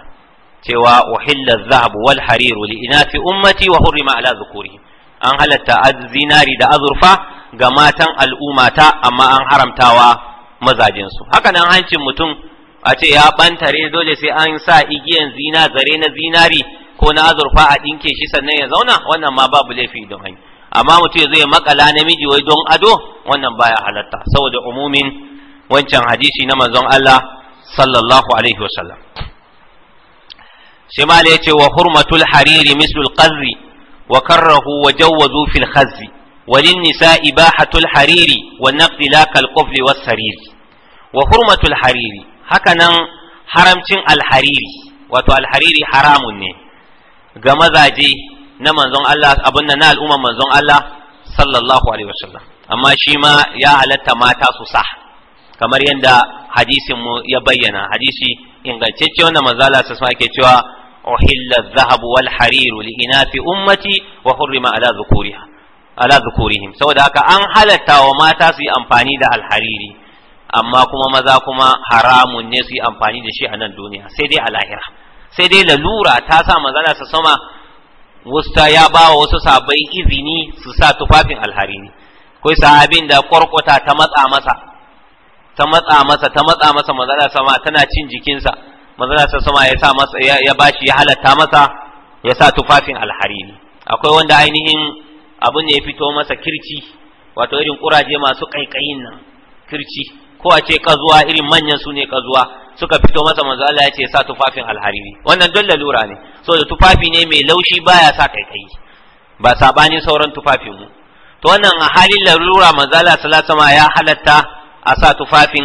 cewa uhilla zahabu wal hariru li inafi ummati wa hurrima ala zukuri an halatta zinari da azurfa ga matan al'ummata amma an haramtawa mazajinsu haka nan hancin mutum a ce ya bantare dole sai an sa igiyan zina zare na zinari ko na azurfa a ɗinke shi sannan ya zauna wannan ma babu laifi don hanyar amma mutum ya zo ya makala namiji wai don ado wannan baya halatta saboda umumin wancan hadisi na manzon Allah sallallahu alaihi wasallam sai ya ce wa hurmatul hariri mislul qazri wa karrahu wa jawwazu fil walin nisa ibahatul hariri wa naqdi la kal qufli sariri wa hurmatul hariri hakanan haramcin alhariri wato alhariri haramun ne ga mazaje na manzon Allah abin na al'umman manzon Allah sallallahu alaihi wasallam amma shi ma ya halatta mata su sa kamar yadda hadisin mu ya bayyana hadisi ingantacce wanda mazala Allah sai ake cewa uhilla adh-dhahab wal harir li inathi ummati wa hurrima ala dhukuriha ala dhukurihim saboda haka an halatta wa mata su yi amfani da alhariri amma kuma maza kuma haramun ne su yi amfani da shi a nan duniya sai dai a lahira sai dai lalura ta sa manzala sa sama wusta ya ba wa wasu sabai izini su sa tufafin alhariri kai sahabin da kwarkwata ta matsa masa ta matsa masa ta matsa masa manzala sama tana cin jikinsa manzala sa sama ya sa masa ya bashi ya halatta masa ya sa tufafin alhariri akwai wanda ainihin abu ne ya fito masa kirci wato irin kuraje masu kaikayin nan kirci ko a ce kazuwa irin manyan su ne kazuwa suka fito masa manzo Allah ya ce sa tufafin alhariri wannan don lura ne so da tufafi ne mai laushi baya sa kaikayi ba sabanin sauran tufafin mu to wannan a halin lalura manzo Allah sallallahu alaihi ya halatta a sa tufafin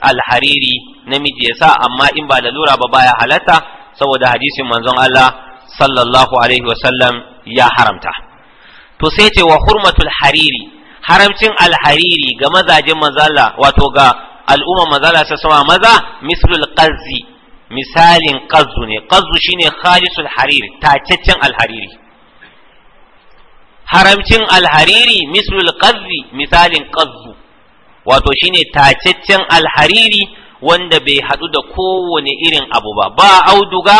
alhariri namiji ya sa amma in ba lalura ba baya halatta saboda hadisin manzon Allah sallallahu alaihi wasallam ya haramta to sai ce wa hurmatul hariri haramcin alhariri ga mazajin mazala wato ga al'umma mazala sa sama maza mislul qazzi misalin qazzu ne qazzu shine khalisul hariri tacaccen alhariri haramcin alhariri mislul qazzi misalin qazzu wato shine tacaccen alhariri wanda bai hadu da kowane irin abu ba ba auduga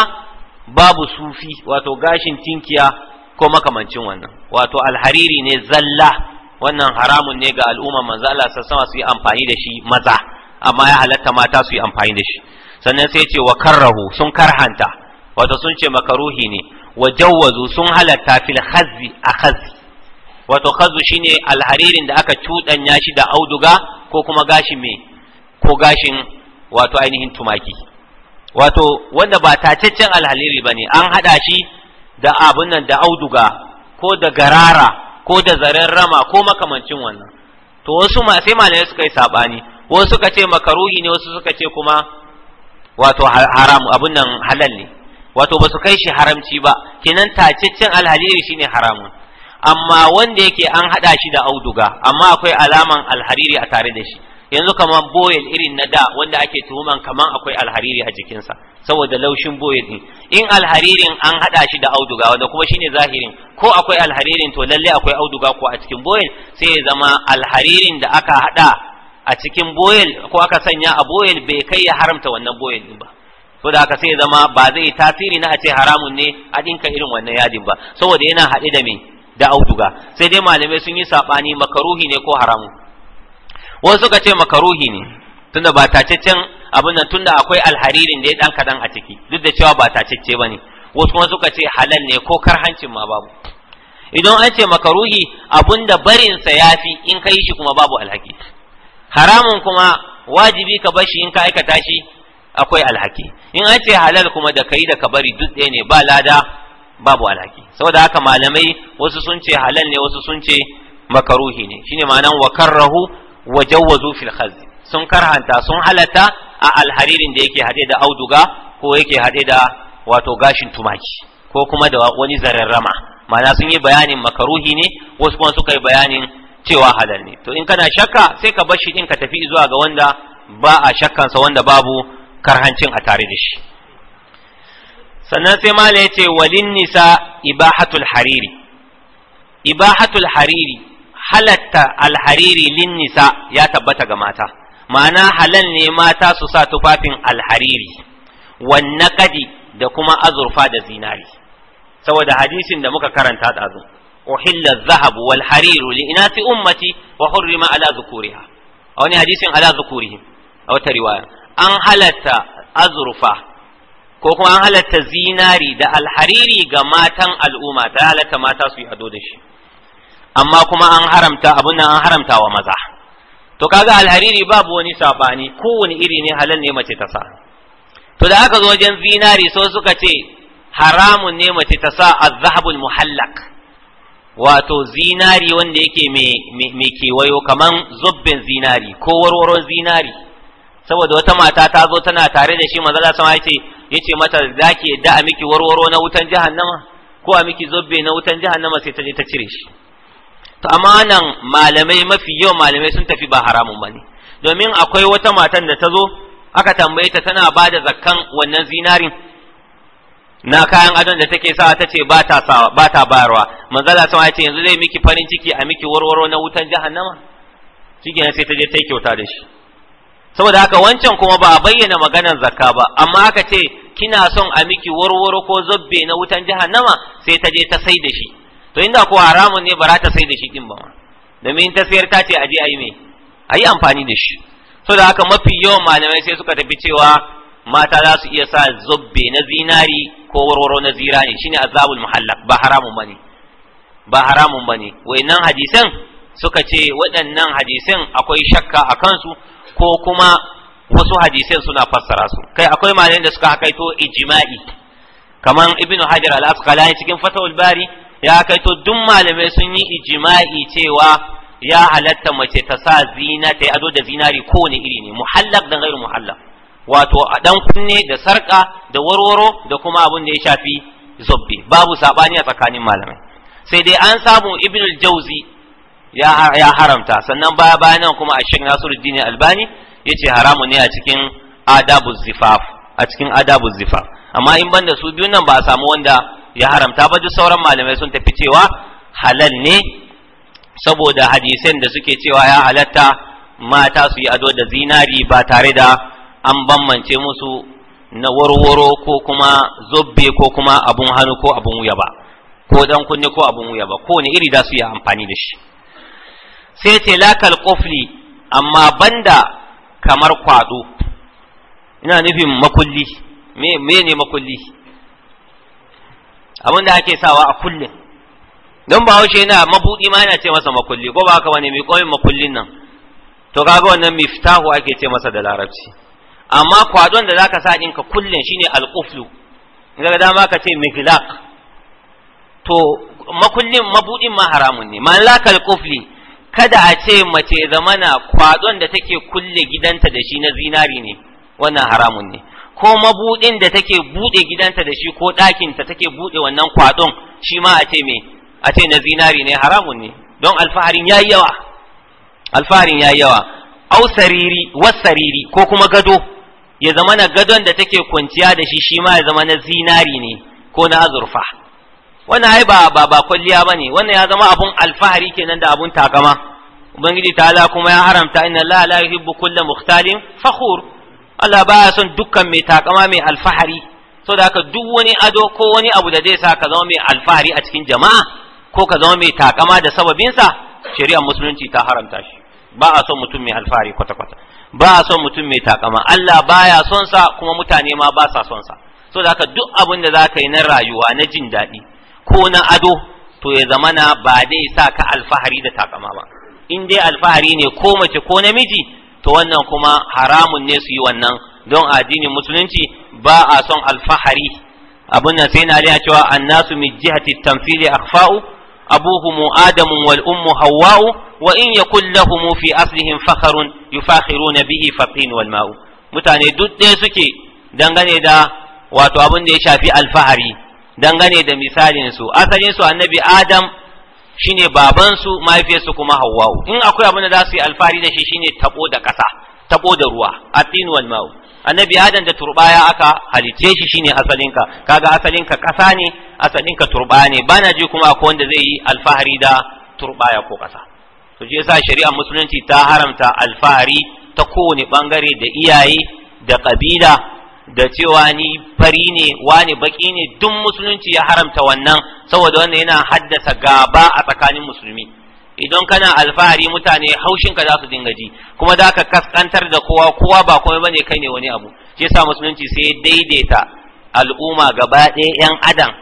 babu sufi wato gashin tinkiya ko makamancin wannan wato alhariri ne zalla wannan haramun ne ga al'umma manzo Allah sallallahu su yi amfani da shi maza amma ya halatta mata su yi amfani da shi sannan sai ce wa karrahu sun karhanta wato sun ce makaruhi ne wa jawwazu sun halatta fil khazzi a khazzi wato khazzu shine alharirin da aka cuɗanya shi da auduga ko kuma gashi me ko gashin wato ainihin tumaki wato wanda ba tacaccen alhariri bane an hada shi da abun nan da auduga ko da garara ko da zaren rama ko makamancin wannan to wasu ma sai malamai suka yi sabani wasu suka ce makaruhi ne wasu suka ce kuma wato haram abun nan halal ne wato basu kai shi haramci ba kenan tacaccen alhariri shine haramun amma wanda yake an hada shi da auduga amma akwai alaman alhariri a tare da shi yanzu kaman boyel irin na da wanda ake tuhuman kaman akwai alhariri a jikinsa saboda laushin boyel din in alharirin an hada shi da auduga wanda kuma shine zahirin ko akwai alharirin to lalle akwai auduga ko a cikin boyel sai ya zama alharirin da aka hada a cikin boyel ko aka sanya a boyel bai kai ya haramta wannan boyel din ba to da aka sai ya zama ba zai tasiri na a ce haramun ne a dinka irin wannan yadin ba saboda yana haɗe da me da auduga sai dai malamai sun yi saɓani makaruhi ne ko haramu. wasu suka ce makaruhi ne tunda ba tacecen abin nan tunda akwai alharirin da ya dan kadan a ciki duk da cewa ba tacece bane wasu kuma suka ce halal ne ko karhancin ma babu idan an ce makaruhi abinda barinsa yafi in ka yi shi kuma babu alhaki haramun kuma wajibi ka bar in ka aikata shi akwai alhaki in an ce halal kuma da kai da ka bari duk ɗaya ne ba lada babu alhaki saboda haka malamai wasu sun ce halal ne wasu sun ce makaruhi ne shine ma'anan wa karrahu wa fil sun karhanta sun halatta a alharirin da yake hade da auduga ko yake hade da wato gashin tumaki ko kuma da wani zararrama ma'ana sun yi bayanin makaruhi ne wasu kuma suka yi bayanin cewa halal ne to in kana shakka sai ka bashi din ka tafi zuwa ga wanda ba a shakkansa wanda babu karhancin a tare da shi sannan sai mala ya ce walin nisa ibahatul hariri ibahatul hariri halatta alhariri lin nisa ya tabbata ga mata ma'ana halal ne mata su sa tufafin alhariri wan kadi da kuma azurfa da zinari saboda hadisin da muka karanta dazu uhilla adh-dhahab wal hariru li inati ummati wa hurrima ala dhukuriha a wani hadisin ala dhukurihim a wata riwaya an halatta azurfa ko kuma an halatta zinari da alhariri ga matan al'umma ta halatta mata su yi ado da shi amma kuma an haramta abun nan an haramta wa maza to kaga alhariri babu wani sabani kowane iri ne halal ne mace ta sa to da aka zo wajen zinari so suka ce haramun ne mace ta sa azhabul muhallak wato zinari wanda yake mai kewayo kaman zubbin zinari ko warwaron zinari saboda wata mata ta zo tana tare da shi manzala sama yace yace mata zaki yadda a miki warwaro na wutan jahannama ko a miki zubbe na wutan jahannama sai ta je ta cire shi to amma malamai mafi yau malamai sun tafi ba haramun bane domin akwai wata matan da ta zo aka tambaye ta tana ba da zakkan wannan zinarin na kayan adon da take sawa ta ce ba ta bayarwa manzala ya ce yanzu zai miki farin ciki a miki warwaro na wutan jahannama shikenan sai ta je ta kyauta da shi saboda haka wancan kuma ba a bayyana maganar zakka ba amma aka ce kina son a miki warwaro ko zobbe na wutan jahannama sai ta je ta sai da shi to inda ko haramun ne ba za ta sai da shi din ba domin ta sayar ta ce aje ayi me ayi amfani da shi so da haka mafi yawan malamai sai suka tafi cewa mata za su iya sa zubbe na zinari ko warwaro na zira ne shine azabul muhallaq ba haramun bane ba haramun bane wayannan hadisan suka ce waɗannan hadisan akwai shakka a kansu ko kuma wasu hadisan suna fassara su kai akwai malamai da suka hakaito ijma'i kaman ibnu hajar al-asqalani cikin fatawul bari ya kai to duk malamai sun yi ijma'i cewa ya halatta mace ta sa zina ta yi ado da zinari kowane iri ne muhallaq da ghairu muhallaq wato a dan kunne da sarka da warwaro da kuma abin da ya shafi zobbe babu sabani a tsakanin malamai sai dai an samu ibn al-jawzi ya ya haramta sannan baya bayanan nan kuma a Sheikh Nasiruddin Albani yace haramu ne a cikin adabuz zifaf a cikin adabuz zifaf amma in banda su biyun nan ba a samu wanda ya haramta ba duk sauran malamai sun tafi cewa halal ne saboda hadisin da suke cewa ya halatta mata su yi ado da zinari ba tare da an bambance musu na warwaro ko kuma zobbe ko kuma abun hannu ko abun wuya ba ko dan kunne ko abun wuya ba ko ne iri da su yi amfani da shi sai ce lakal kofli amma banda kamar kwado ina nufin makulli me ne makulli abin da ake sawa a kullin don ba haushe yana mabuɗi ma yana ce masa makulli ko ba haka wani mai koyin makullin nan to kaga wannan miftahu ake ce masa da larabci amma kwadon da zaka sa ɗinka kullin shine alƙuflu in ga dama ka ce miglaq to makullin mabuɗin ma haramun ne man alƙufli kada a ce mace zamana kwadon da take kulle gidanta da shi na zinari ne wannan haramun ne ko mabuɗin da take buɗe gidanta da shi ko ɗakinta take buɗe wannan kwaɗon shi ma a ce me a ce na zinari ne haramun ne don alfaharin yayi yawa alfaharin yayi yawa au sariri was sariri, ko kuma gado ya zama na gadon da take kwanciya da shi shi ma ya zama na zinari ne ko na azurfa wannan ai ba ba ba kulliya bane wannan ya zama abun alfahari kenan da abun takama ubangiji ta'ala kuma ya haramta inna la la yuhibbu kulla mukhtalin fakhur Allah baya son dukkan mai takama mai alfahari so da haka duk wani ado ko wani abu da zai sa ka zama mai alfahari a cikin jama'a ko ka zama mai takama da sababinsa shari'ar musulunci ta haramta shi ba a son mutum mai alfahari kwata-kwata ba a son mutum mai takama Allah baya son sa kuma mutane ma ba sa son sa so da haka duk abin da za ka yi na rayuwa na jin daɗi ko na ado to ya zama na ba dai sa ka alfahari da takama ba in dai alfahari ne ko mace ko namiji to wannan kuma haramun ne su yi wannan don addinin musulunci ba a son alfahari abin nan sai na riya cewa annasu min jihati tamfili akhfa'u abuhumu adamu wal ummu hawwa'u wa in yakul lahum fi aslihim fakharun yufakhiruna bihi faqin wal ma'u mutane duk ɗaya suke dangane da wato abin da ya shafi alfahari dangane da misalin su asalin su annabi adam shine babansu mahaifiyarsu kuma hawwa'u in akwai abin da za su yi alfahari da shi shine tabo da ƙasa tabo da ruwa atin wal ma'u annabi adam da turbaya aka halice shi shine asalinka kaga asalinka ƙasa ne asalinka turba ne bana ji kuma akwai wanda zai yi alfahari da turbaya ko ƙasa to shi yasa shari'ar musulunci ta haramta alfahari ta kowane bangare da iyaye da ƙabila da cewa ni fari ne wani baki ne duk musulunci ya haramta wannan saboda wannan yana haddasa gaba a tsakanin musulmi idan kana alfahari mutane haushinka za su dinga ji kuma za ka kaskantar da kowa kowa ba komai bane kai ne wani abu shi yasa musulunci sai daidaita al'umma gaba ɗaya yan adam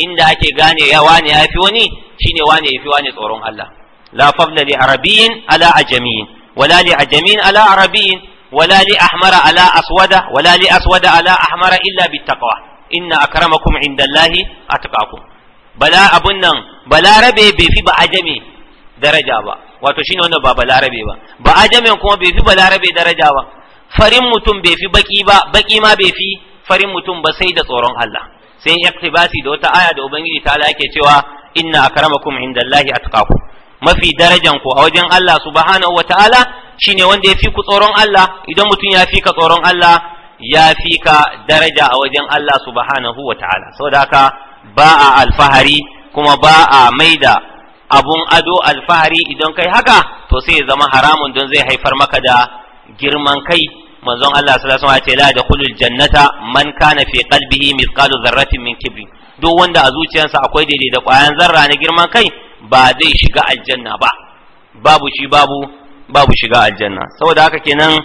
inda ake gane ya wani ya fi wani shine wani ya wani tsoron Allah la fadla li arabiyyin ala ajamiyin wala li ajamiyin ala arabiyyin wala li ahmara ala aswada wala li aswada ala ahmara illa bittaqwa inna akramakum indallahi atqakum bala abun nan balarabe bai fi ba daraja ba wato shine wannan ba balarabe ba ba ajamin kuma bai fi balarabe daraja ba farin mutum bai fi baki ba baki ma bai fi farin mutum ba sai da tsoron Allah sai iktibasi da wata aya da ubangiji ta yake cewa inna akramakum mafi darajan a wajen Allah subhanahu wataala shine wanda ya fi ku tsoron Allah idan mutum ya fi ka tsoron Allah ya fi ka daraja a wajen Allah subhanahu wataala saboda haka ba a alfahari kuma ba a maida abun ado alfahari idan kai haka to sai ya zama haramun don zai haifar maka da girman kai manzon Allah sallallahu alaihi wasallam ya ce la jannata man kana fi qalbihi mithqalu dharratin min kibri duk wanda a zuciyarsa akwai daidai da ƙwayan zarra na girman kai ba zai shiga aljanna ba babu shi babu babu shiga aljanna saboda haka kenan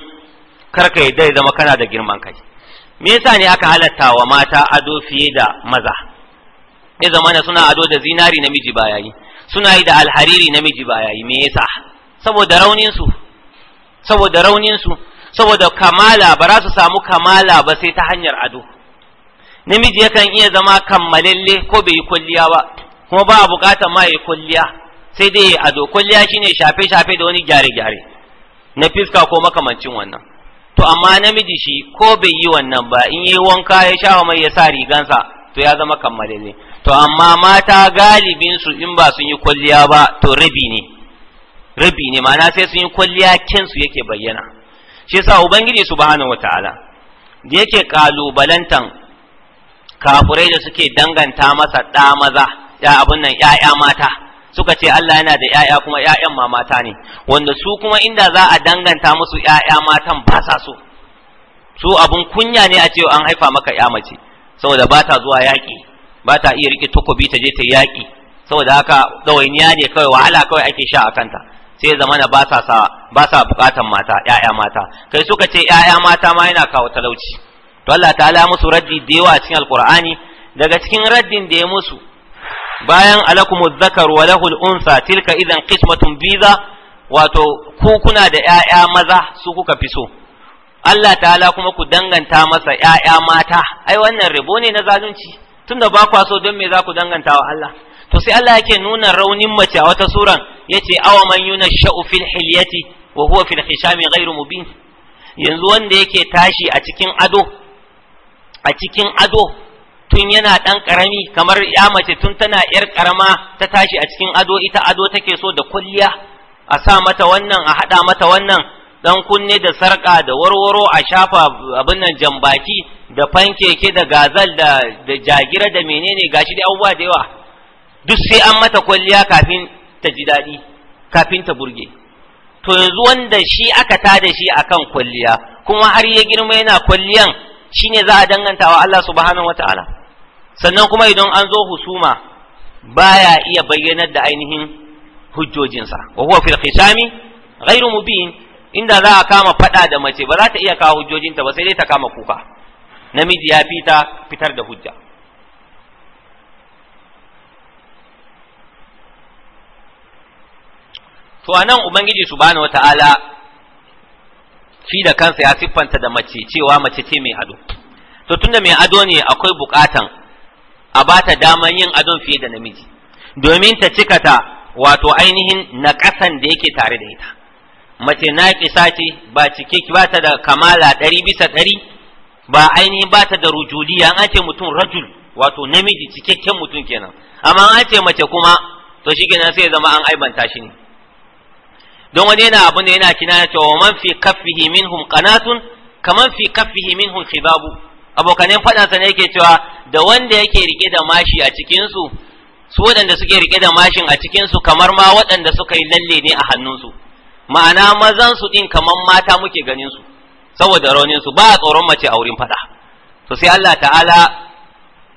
kar ka yadda ya zama kana da girman kai me yasa ne aka halatta wa mata ado fiye da maza ya zama suna ado da zinari namiji ba yayi suna yi da alhariri namiji ba yayi me yasa saboda raunin su saboda raunin su saboda kamala ba za su samu kamala ba sai ta hanyar ado namiji yakan iya zama kammalalle ko bai yi kwalliya ba kuma ba a buƙatar ma ya kulliya sai dai a ado kulliya shine shafe shafe da wani gyare gyare na fiska ko makamancin wannan to amma namiji shi ko bai yi wannan ba in yi wanka ya sha mai ya sa rigansa to ya zama kammalele to amma mata galibin su in ba sun yi kulliya ba to rabi ne rabi ne ma'ana sai sun yi kulliya su yake bayyana shi yasa ubangiji subhanahu wataala da yake kalubalantan kafurai da suke danganta masa ɗa maza ya abun nan ya'ya mata suka ce Allah yana da ya'ya kuma ya'yan ma mata ne wanda su kuma inda za a danganta musu ya'ya matan ba sa so su abun kunya ne a ce an haifa maka ya mace saboda ba ta zuwa yaƙi ba ta iya riƙe takobi ta je ta yaƙi saboda haka ɗawainiya ne kawai wahala kawai ake sha a kanta sai zamana ba sa ba sa buƙatan mata ya'ya mata kai suka ce ya'ya mata ma yana kawo talauci to Allah ta'ala musu raddi da yawa a cikin alqur'ani daga cikin raddin da ya musu bayan alakumu zakar wa lahul unsa tilka idan qismatun biza wato ku kuna da 'ya'ya maza su kuka fi so Allah ta'ala kuma ku danganta masa 'ya'ya mata ai wannan rabo ne na zalunci tunda ba kwa so don me za ku danganta wa Allah to sai Allah yake nuna raunin mace a wata suran yace awa man sha'u fil hilyati wa huwa fil hishami ghairu mubin yanzu wanda yake tashi a cikin ado a cikin ado tun yana ɗan ƙarami kamar ya mace tun tana ‘yar ƙarama ta tashi a cikin ado ita ado take so da kulliya a sa mata wannan a haɗa mata wannan ɗan kunne da sarƙa da warwaro a shafa abin nan jambaki da fankeke da gazal da jagira da menene gashi da abubuwa da yawa duk sai an mata kwalliya kafin ta ji daɗi kafin ta burge to yanzu wanda shi aka ta da shi akan kwalliya kuma har ya girma yana kwalliyan shine za a dangantawa Allah subhanahu wataala sannan kuma idan an zo husuma baya iya bayyanar da ainihin hujjojinsa wa huwa fil khisami ghairu mubin inda za a kama fada da mace ba za ta iya kawo hujjojinta ba sai dai ta kama kuka namiji ya fita fitar da hujja to anan ubangiji subhanahu wataala shi da kansa ya siffanta da mace cewa mace ce mai ado to tunda mai ado ne akwai bukatan a ba ta daman yin adon fiye da namiji domin ta cika ta wato ainihin na ƙasan da yake tare da ita mace na ƙisa ce ba cike ba ta da kamala ɗari bisa ɗari ba ainihin ba ta da rujuliya an ce mutum rajul wato namiji cikakken mutum kenan amma an ce mace kuma to shi kenan sai zama an aibanta shi ne don wani yana abin da yana kina cewa man fi kaffihi minhum qanatun kaman fi kaffihi minhum khibabu abokanin faɗansa ne yake cewa da wanda yake rike da mashi a cikinsu su waɗanda suke rike da mashin a cikinsu kamar ma waɗanda suka yi lalle ne a hannunsu ma'ana mazansu ɗin kamar mata muke ganinsu saboda raunin su ba a tsoron mace a wurin faɗa to sai Allah ta'ala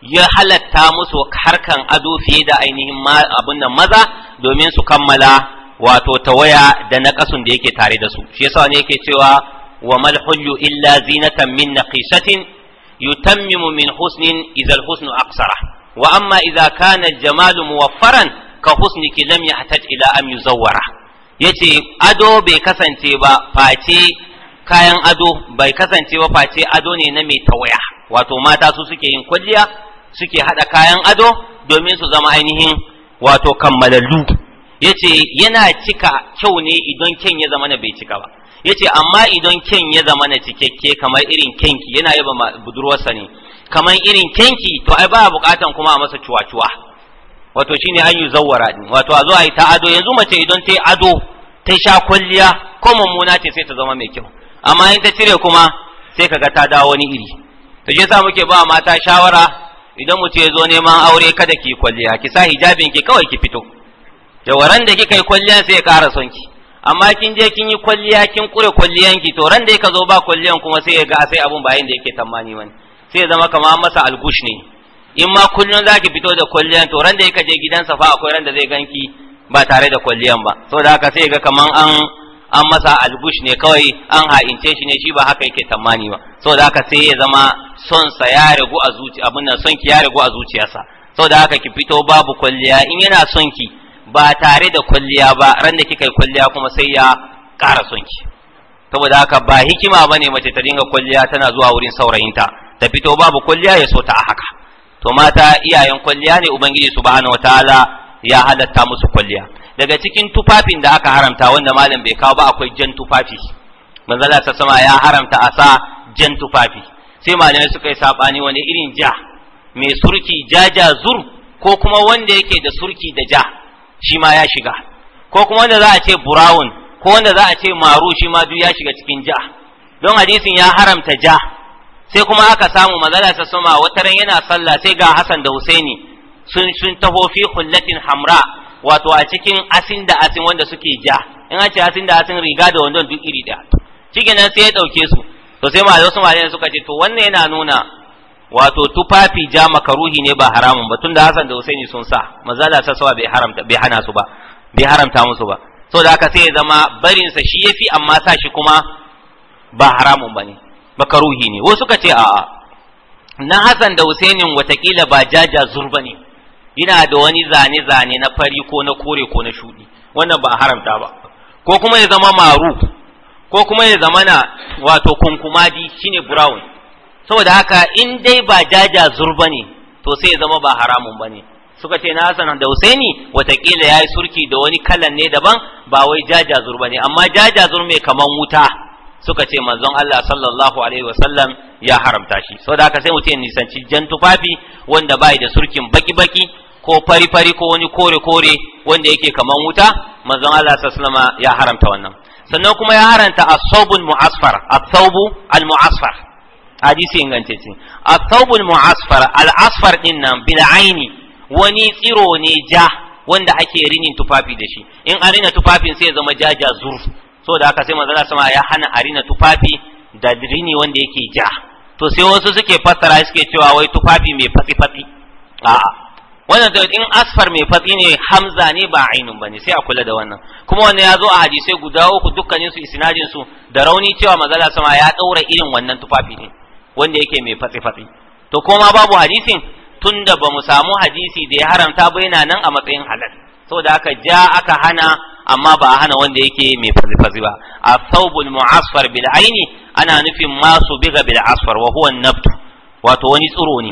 ya halatta musu harkan ado fiye da ainihin abin nan maza domin su kammala wato tawaya da naƙasun da yake tare da su shi yasa ne yake cewa wa malhullu illa zinatan min naqisatin yutammimu min husnin idza al wa amma idza jamalu muwaffaran ka husniki lam yahtaj ila am yace ado bai kasance ba face kayan ado bai kasance ba face ado ne na mai tawaya wato mata su suke yin kwalliya suke haɗa kayan ado domin su zama ainihin wato kammalallu yace yana cika kyau ne idan kyan ya zama na bai cika ba yace amma idan ken ya zama na cikakke kamar irin kenki yana yaba budurwarsa ne kamar irin kenki to ai ba bukatan kuma a masa cuwa-cuwa wato shine an yi zawwara wato a zo a yi ta ado yanzu mace idan ta yi ado ta sha kwalliya ko mummuna ce sai ta zama mai kyau amma in ta cire kuma sai ka ga ta dawo wani iri to shi yasa muke ba mata shawara idan mutum ya zo neman aure kada ki kwalliya ki sa hijabin ki kawai ki fito jawaran da kika yi kwalliya sai ya kara son ki amma kin je kin yi kwalliya kin kure kwalliyanki to ran da ka zo ba kwalliyan kuma sai ya ga sai abun ba yanda yake tamani wani sai ya zama kamar an masa algush ne in ma kullun zaki fito da kwalliyan to ran da ka je gidansa fa akwai ran da zai ganki ba tare da kwalliyan ba saboda haka sai ya ga kaman an an masa algush ne kawai an ha'ince shi ne shi ba haka yake tamani ba saboda haka sai ya zama son sa ya rigu a zuci abin nan son ki ya rigu a zuciyarsa saboda haka ki fito babu kwalliya in yana son ki ba tare da kwalliya ba ran da kika yi kwalliya kuma sai ya ƙara sonki saboda haka ba hikima bane mace ta dinga kwalliya tana zuwa wurin saurayinta ta fito babu kwalliya ya so ta a haka to mata iyayen kwalliya ne ubangiji subhanahu wataala ya halatta musu kwalliya daga cikin tufafin da aka haramta wanda malam bai kawo ba akwai jan tufafi manzala ta sama ya haramta a sa jan tufafi sai malamai suka yi sabani wani irin ja mai surki jaja zur ko kuma wanda yake da surki da ja shi ma ya shiga ko kuma wanda za a ce burawun ko wanda za a ce maru shi ma duk ya shiga cikin ja don hadisin ya haramta ja sai kuma aka samu mazala ta suma wata ran yana sallah sai ga Hassan da Husaini sun sun taho fi hullatin hamra wato a cikin asin da asin wanda suke ja in an ce asin da asin riga da wandon duk iri daya cikin nan sai ya dauke su to sai malamai su suka ce to wannan yana nuna wato tufafi ja makaruhi ne ba haramun ba tunda Hassan da Husaini sun sa manzala ta sawa bai haramta bai hana su ba bai haramta musu ba saboda haka sai ya zama barin sa shi yafi amma sa shi kuma ba haramun bane makaruhi ne wasu suka ce a'a na Hassan da Husaini watakila ba jaja zurba ne yana da wani zane zane na fari ko na kore ko na shudi wannan ba haramta ba ko kuma ya zama maru ko kuma ya zama na wato kunkumadi shine brown saboda haka in dai ba jaja zurba ne to sai ya zama ba haramun bane suka ce na Hassan da Husaini watakila ya yi surki da wani kalan ne daban ba wai jaja zur ne amma jaja zur mai kaman wuta suka ce manzon Allah sallallahu alaihi wasallam ya haramta shi saboda haka sai mutum ya nisanci jan tufafi wanda bai da surkin baki baki ko fari fari ko wani kore kore wanda yake kaman wuta manzon Allah sallallahu alaihi wasallam ya haramta wannan sannan kuma ya haranta al mu'asfar asabu al-mu'asfar hadisi ingantacce athawbul mu'asfar al-asfar din nan bil aini wani tsiro ne ja wanda ake rinin tufafi da shi in arina rina tufafin sai ya zama jaja zur so da haka sai manzala sama ya hana arina rina tufafi da rini wanda yake ja to sai wasu suke fassara suke cewa wai tufafi mai fatsi fatsi a'a wannan da in asfar mai fatsi ne hamza ne ba ainun bane sai a kula da wannan kuma wannan ya zo a hadisai guda uku dukkanin su isnadin su da rauni cewa manzala sama ya daura irin wannan tufafi din wanda yake mai fatsi fatsi to koma babu hadisin tunda ba mu samu hadisi da ya haramta ba yana nan a matsayin halal saboda haka ja aka hana amma ba a hana wanda yake mai fatsi fatsi ba a saubul mu'asfar bil aini ana nufin masu biga bil asfar wa huwa nabtu wato wani tsiro ne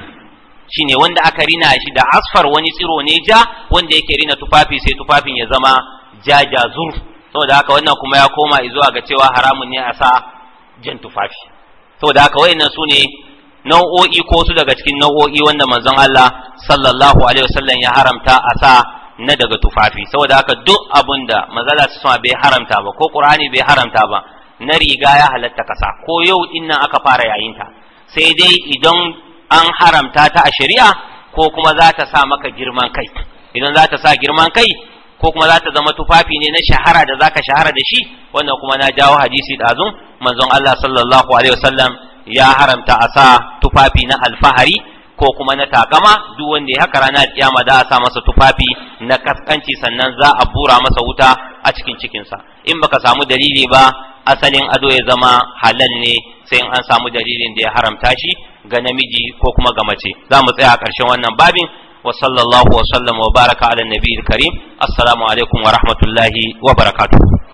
shine wanda aka rina shi da asfar wani tsiro ne ja wanda yake rina tufafi sai tufafin ya zama ja ja zur saboda haka wannan kuma ya koma izuwa ga cewa haramun ne a sa jan tufafi da aka wayannan su ne nau'o'i ko su daga cikin nau'o'i wanda manzon Allah sallallahu alaihi wasallam ya haramta a sa na daga tufafi saboda haka duk abunda manzala su sama bai haramta ba ko qur'ani bai haramta ba na riga ya halatta kasa ko yau nan aka fara yayin ta sai dai idan an haramta ta a shari'a ko kuma za ta sa maka girman kai idan za ta sa girman kai ko kuma za ta zama tufafi ne na shahara da zaka shahara da shi wannan kuma na jawo hadisi da azun manzon Allah sallallahu alaihi wasallam ya haramta a sa tufafi na alfahari ko kuma na takama duk wanda ya haka rana kiyama da a sa masa tufafi na kaskanci sannan za a bura masa wuta a cikin cikinsa in baka samu dalili ba asalin ado ya zama halal ne sai an samu dalilin da ya haramta shi ga namiji ko kuma ga mace za mu tsaya a ƙarshen wannan babin wa sallallahu wa sallam wa baraka ala nabiyil karim assalamu alaikum wa rahmatullahi wa barakatuh